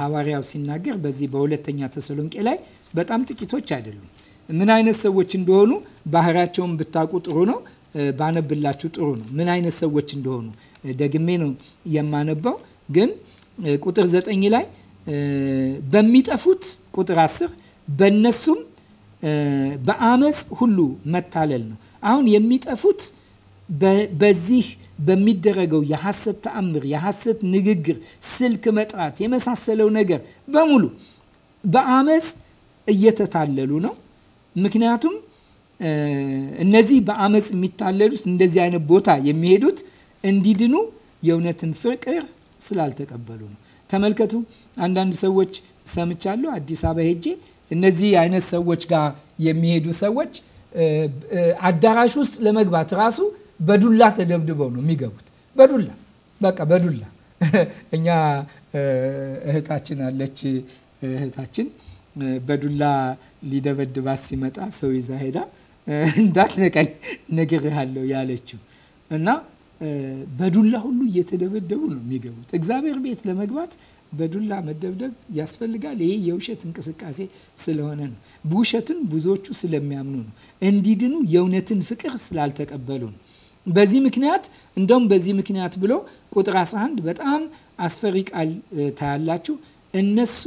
ሐዋርያው ሲናገር በዚህ በሁለተኛ ተሰሎንቄ ላይ በጣም ጥቂቶች አይደሉም። ምን አይነት ሰዎች እንደሆኑ ባህሪያቸውን ብታውቁ ጥሩ ነው። ባነብላችሁ ጥሩ ነው። ምን አይነት ሰዎች እንደሆኑ ደግሜ ነው የማነባው። ግን ቁጥር ዘጠኝ ላይ በሚጠፉት ቁጥር አስር በእነሱም በአመፅ ሁሉ መታለል ነው። አሁን የሚጠፉት በዚህ በሚደረገው የሐሰት ተአምር፣ የሐሰት ንግግር፣ ስልክ መጥራት የመሳሰለው ነገር በሙሉ በአመፅ እየተታለሉ ነው። ምክንያቱም እነዚህ በአመፅ የሚታለሉት እንደዚህ አይነት ቦታ የሚሄዱት እንዲድኑ የእውነትን ፍቅር ስላልተቀበሉ ነው። ተመልከቱ፣ አንዳንድ ሰዎች ሰምቻለሁ፣ አዲስ አበባ ሄጄ እነዚህ አይነት ሰዎች ጋር የሚሄዱ ሰዎች አዳራሽ ውስጥ ለመግባት ራሱ በዱላ ተደብድበው ነው የሚገቡት። በዱላ በቃ በዱላ እኛ እህታችን አለች። እህታችን በዱላ ሊደበድባት ሲመጣ ሰው ይዛ ሄዳ እንዳትነቀኝ ነግሬሃለሁ ያለችው እና በዱላ ሁሉ እየተደበደቡ ነው የሚገቡት። እግዚአብሔር ቤት ለመግባት በዱላ መደብደብ ያስፈልጋል። ይሄ የውሸት እንቅስቃሴ ስለሆነ ነው። በውሸትን ብዙዎቹ ስለሚያምኑ ነው። እንዲድኑ የእውነትን ፍቅር ስላልተቀበሉ ነው። በዚህ ምክንያት እንደውም በዚህ ምክንያት ብሎ ቁጥር 11 በጣም አስፈሪ ቃል ታያላችሁ። እነሱ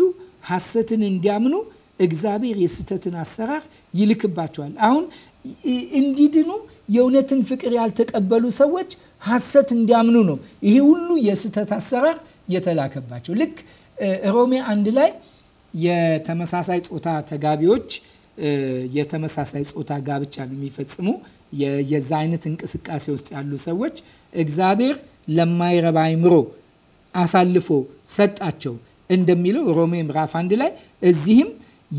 ሐሰትን እንዲያምኑ እግዚአብሔር የስህተትን አሰራር ይልክባቸዋል። አሁን እንዲድኑ የእውነትን ፍቅር ያልተቀበሉ ሰዎች ሐሰት እንዲያምኑ ነው ይሄ ሁሉ የስህተት አሰራር የተላከባቸው። ልክ ሮሜ አንድ ላይ የተመሳሳይ ጾታ ተጋቢዎች የተመሳሳይ ጾታ ጋብቻ ነው የሚፈጽሙ የዛ አይነት እንቅስቃሴ ውስጥ ያሉ ሰዎች እግዚአብሔር ለማይረባ አይምሮ አሳልፎ ሰጣቸው እንደሚለው ሮሜ ምዕራፍ አንድ ላይ እዚህም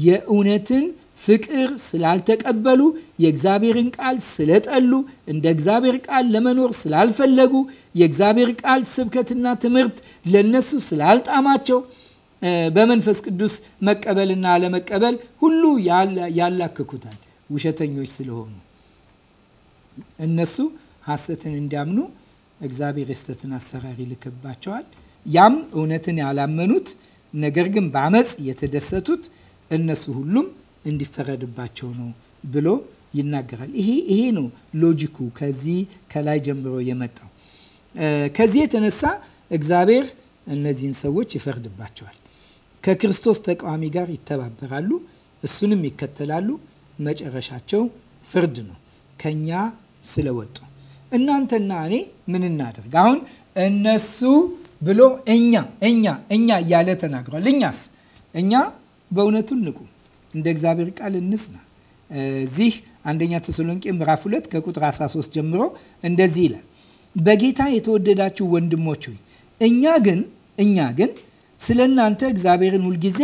የእውነትን ፍቅር ስላልተቀበሉ፣ የእግዚአብሔርን ቃል ስለጠሉ፣ እንደ እግዚአብሔር ቃል ለመኖር ስላልፈለጉ፣ የእግዚአብሔር ቃል ስብከትና ትምህርት ለነሱ ስላልጣማቸው በመንፈስ ቅዱስ መቀበልና አለመቀበል ሁሉ ያላክኩታል። ውሸተኞች ስለሆኑ እነሱ ሐሰትን እንዲያምኑ እግዚአብሔር የስተትን አሰራር ይልክባቸዋል። ያም እውነትን ያላመኑት ነገር ግን በአመፅ የተደሰቱት እነሱ ሁሉም እንዲፈረድባቸው ነው ብሎ ይናገራል። ይሄ ይሄ ነው ሎጂኩ ከዚህ ከላይ ጀምሮ የመጣው። ከዚህ የተነሳ እግዚአብሔር እነዚህን ሰዎች ይፈርድባቸዋል። ከክርስቶስ ተቃዋሚ ጋር ይተባበራሉ፣ እሱንም ይከተላሉ። መጨረሻቸው ፍርድ ነው ከኛ ስለወጡ። እናንተና እኔ ምን እናደርግ? አሁን እነሱ ብሎ እኛ እኛ እኛ እያለ ተናግሯል። እኛስ እኛ በእውነቱ ንቁ እንደ እግዚአብሔር ቃል እንጽና። እዚህ አንደኛ ተሰሎንቄ ምዕራፍ 2 ከቁጥር 13 ጀምሮ እንደዚህ ይላል። በጌታ የተወደዳችሁ ወንድሞች ሆይ እኛ ግን እኛ ግን ስለ እናንተ እግዚአብሔርን ሁልጊዜ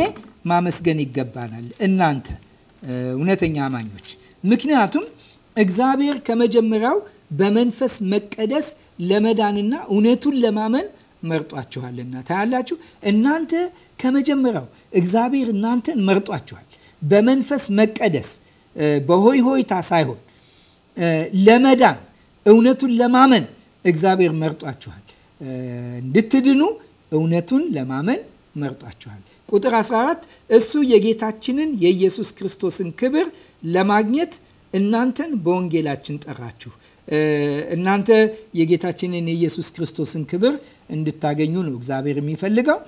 ማመስገን ይገባናል፣ እናንተ እውነተኛ አማኞች። ምክንያቱም እግዚአብሔር ከመጀመሪያው በመንፈስ መቀደስ ለመዳንና እውነቱን ለማመን መርጧችኋልና። ታያላችሁ፣ እናንተ ከመጀመሪያው እግዚአብሔር እናንተን መርጧችኋል። በመንፈስ መቀደስ በሆይ ሆይታ ሳይሆን ለመዳን እውነቱን ለማመን እግዚአብሔር መርጧችኋል። እንድትድኑ እውነቱን ለማመን መርጧችኋል። ቁጥር 14 እሱ የጌታችንን የኢየሱስ ክርስቶስን ክብር ለማግኘት እናንተን በወንጌላችን ጠራችሁ። እናንተ የጌታችንን የኢየሱስ ክርስቶስን ክብር እንድታገኙ ነው እግዚአብሔር የሚፈልገው።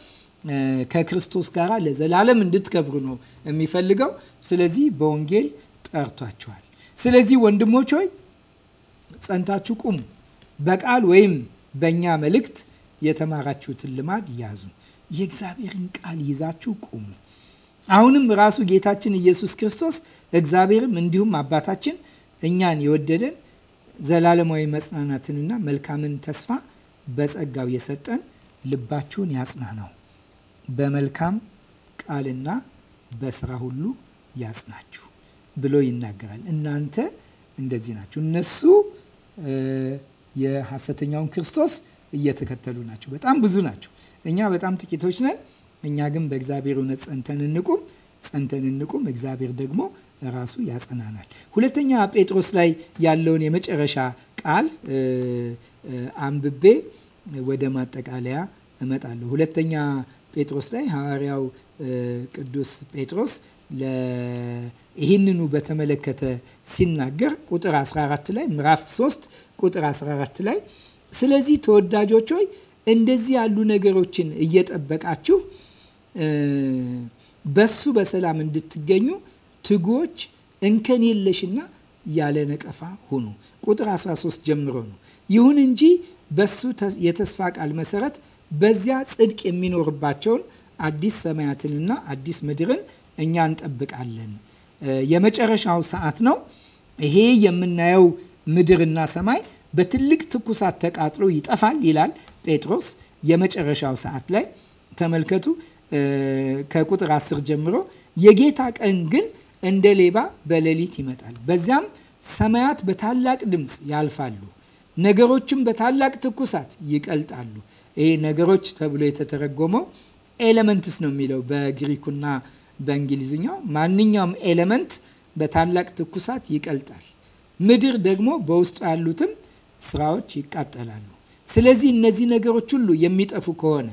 ከክርስቶስ ጋር ለዘላለም እንድትከብሩ ነው የሚፈልገው። ስለዚህ በወንጌል ጠርቷቸዋል። ስለዚህ ወንድሞች ሆይ ጸንታችሁ ቁሙ። በቃል ወይም በእኛ መልእክት የተማራችሁትን ልማድ ያዙ። የእግዚአብሔርን ቃል ይዛችሁ ቁሙ። አሁንም ራሱ ጌታችን ኢየሱስ ክርስቶስ እግዚአብሔርም እንዲሁም አባታችን እኛን የወደደን ዘላለማዊ መጽናናትንና መልካምን ተስፋ በጸጋው የሰጠን ልባችሁን ያጽናናው። በመልካም ቃልና በስራ ሁሉ ያጽናችሁ ብሎ ይናገራል። እናንተ እንደዚህ ናችሁ። እነሱ የሐሰተኛውን ክርስቶስ እየተከተሉ ናቸው። በጣም ብዙ ናቸው። እኛ በጣም ጥቂቶች ነን። እኛ ግን በእግዚአብሔር እውነት ጸንተን እንቁም፣ ጸንተን እንቁም። እግዚአብሔር ደግሞ ራሱ ያጸናናል። ሁለተኛ ጴጥሮስ ላይ ያለውን የመጨረሻ ቃል አንብቤ ወደ ማጠቃለያ እመጣለሁ። ሁለተኛ ጴጥሮስ ላይ ሐዋርያው ቅዱስ ጴጥሮስ ይህንኑ በተመለከተ ሲናገር ቁጥር 14 ላይ ምዕራፍ 3 ቁጥር 14 ላይ ስለዚህ ተወዳጆች ሆይ እንደዚህ ያሉ ነገሮችን እየጠበቃችሁ በሱ በሰላም እንድትገኙ ትጉዎች እንከን የለሽና ያለ ነቀፋ ሆኑ። ቁጥር 13 ጀምሮ ነው። ይሁን እንጂ በሱ የተስፋ ቃል መሰረት በዚያ ጽድቅ የሚኖርባቸውን አዲስ ሰማያትንና አዲስ ምድርን እኛ እንጠብቃለን። የመጨረሻው ሰዓት ነው። ይሄ የምናየው ምድርና ሰማይ በትልቅ ትኩሳት ተቃጥሎ ይጠፋል ይላል ጴጥሮስ። የመጨረሻው ሰዓት ላይ ተመልከቱ፣ ከቁጥር 10 ጀምሮ የጌታ ቀን ግን እንደ ሌባ በሌሊት ይመጣል። በዚያም ሰማያት በታላቅ ድምፅ ያልፋሉ፣ ነገሮችም በታላቅ ትኩሳት ይቀልጣሉ። ይሄ ነገሮች ተብሎ የተተረጎመው ኤሌመንትስ ነው የሚለው በግሪኩና በእንግሊዝኛው። ማንኛውም ኤሌመንት በታላቅ ትኩሳት ይቀልጣል፣ ምድር ደግሞ በውስጡ ያሉትም ስራዎች ይቃጠላሉ። ስለዚህ እነዚህ ነገሮች ሁሉ የሚጠፉ ከሆነ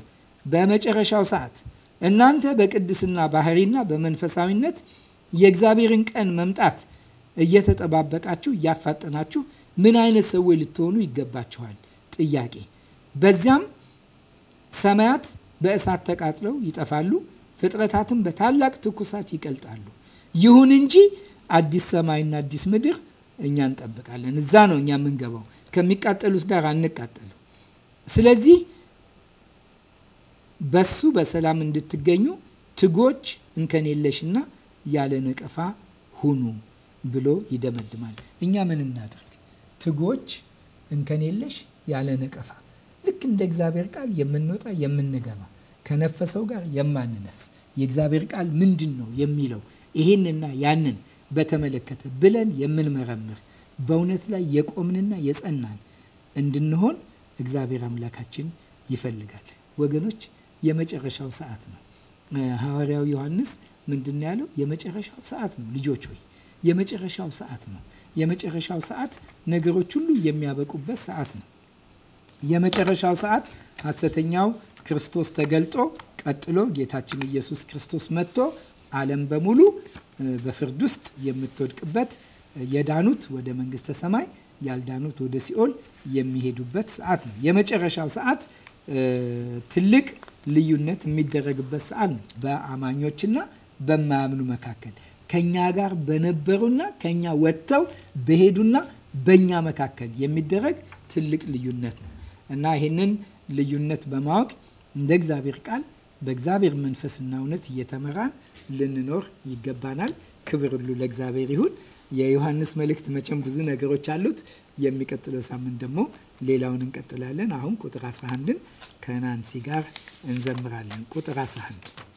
በመጨረሻው ሰዓት እናንተ በቅድስና ባህሪና በመንፈሳዊነት የእግዚአብሔርን ቀን መምጣት እየተጠባበቃችሁ እያፋጠናችሁ ምን አይነት ሰዎች ልትሆኑ ይገባችኋል? ጥያቄ በዚያም ሰማያት በእሳት ተቃጥለው ይጠፋሉ፣ ፍጥረታትም በታላቅ ትኩሳት ይቀልጣሉ። ይሁን እንጂ አዲስ ሰማይና አዲስ ምድር እኛ እንጠብቃለን። እዛ ነው እኛ የምንገባው። ከሚቃጠሉት ጋር አንቃጠልም። ስለዚህ በሱ በሰላም እንድትገኙ ትጎች እንከን የለሽና ያለ ነቀፋ ሁኑ ብሎ ይደመድማል። እኛ ምን እናደርግ? ትጎች እንከን የለሽ ያለ ነቀፋ ልክ እንደ እግዚአብሔር ቃል የምንወጣ የምንገባ፣ ከነፈሰው ጋር የማንነፍስ የእግዚአብሔር ቃል ምንድን ነው የሚለው ይሄንና ያንን በተመለከተ ብለን የምንመረምር በእውነት ላይ የቆምንና የጸናን እንድንሆን እግዚአብሔር አምላካችን ይፈልጋል። ወገኖች የመጨረሻው ሰዓት ነው። ሐዋርያው ዮሐንስ ምንድን ያለው? የመጨረሻው ሰዓት ነው። ልጆች ሆይ የመጨረሻው ሰዓት ነው። የመጨረሻው ሰዓት ነገሮች ሁሉ የሚያበቁበት ሰዓት ነው። የመጨረሻው ሰዓት ሐሰተኛው ክርስቶስ ተገልጦ ቀጥሎ ጌታችን ኢየሱስ ክርስቶስ መጥቶ ዓለም በሙሉ በፍርድ ውስጥ የምትወድቅበት የዳኑት ወደ መንግስተ ሰማይ ያልዳኑት ወደ ሲኦል የሚሄዱበት ሰዓት ነው። የመጨረሻው ሰዓት ትልቅ ልዩነት የሚደረግበት ሰዓት ነው በአማኞችና በማያምኑ መካከል ከኛ ጋር በነበሩና ከኛ ወጥተው በሄዱና በእኛ መካከል የሚደረግ ትልቅ ልዩነት ነው። እና ይህንን ልዩነት በማወቅ እንደ እግዚአብሔር ቃል በእግዚአብሔር መንፈስና እውነት እየተመራን ልንኖር ይገባናል። ክብር ሁሉ ለእግዚአብሔር ይሁን። የዮሐንስ መልእክት መቼም ብዙ ነገሮች አሉት። የሚቀጥለው ሳምንት ደግሞ ሌላውን እንቀጥላለን። አሁን ቁጥር 11ን ከናንሲ ጋር እንዘምራለን። ቁጥር 11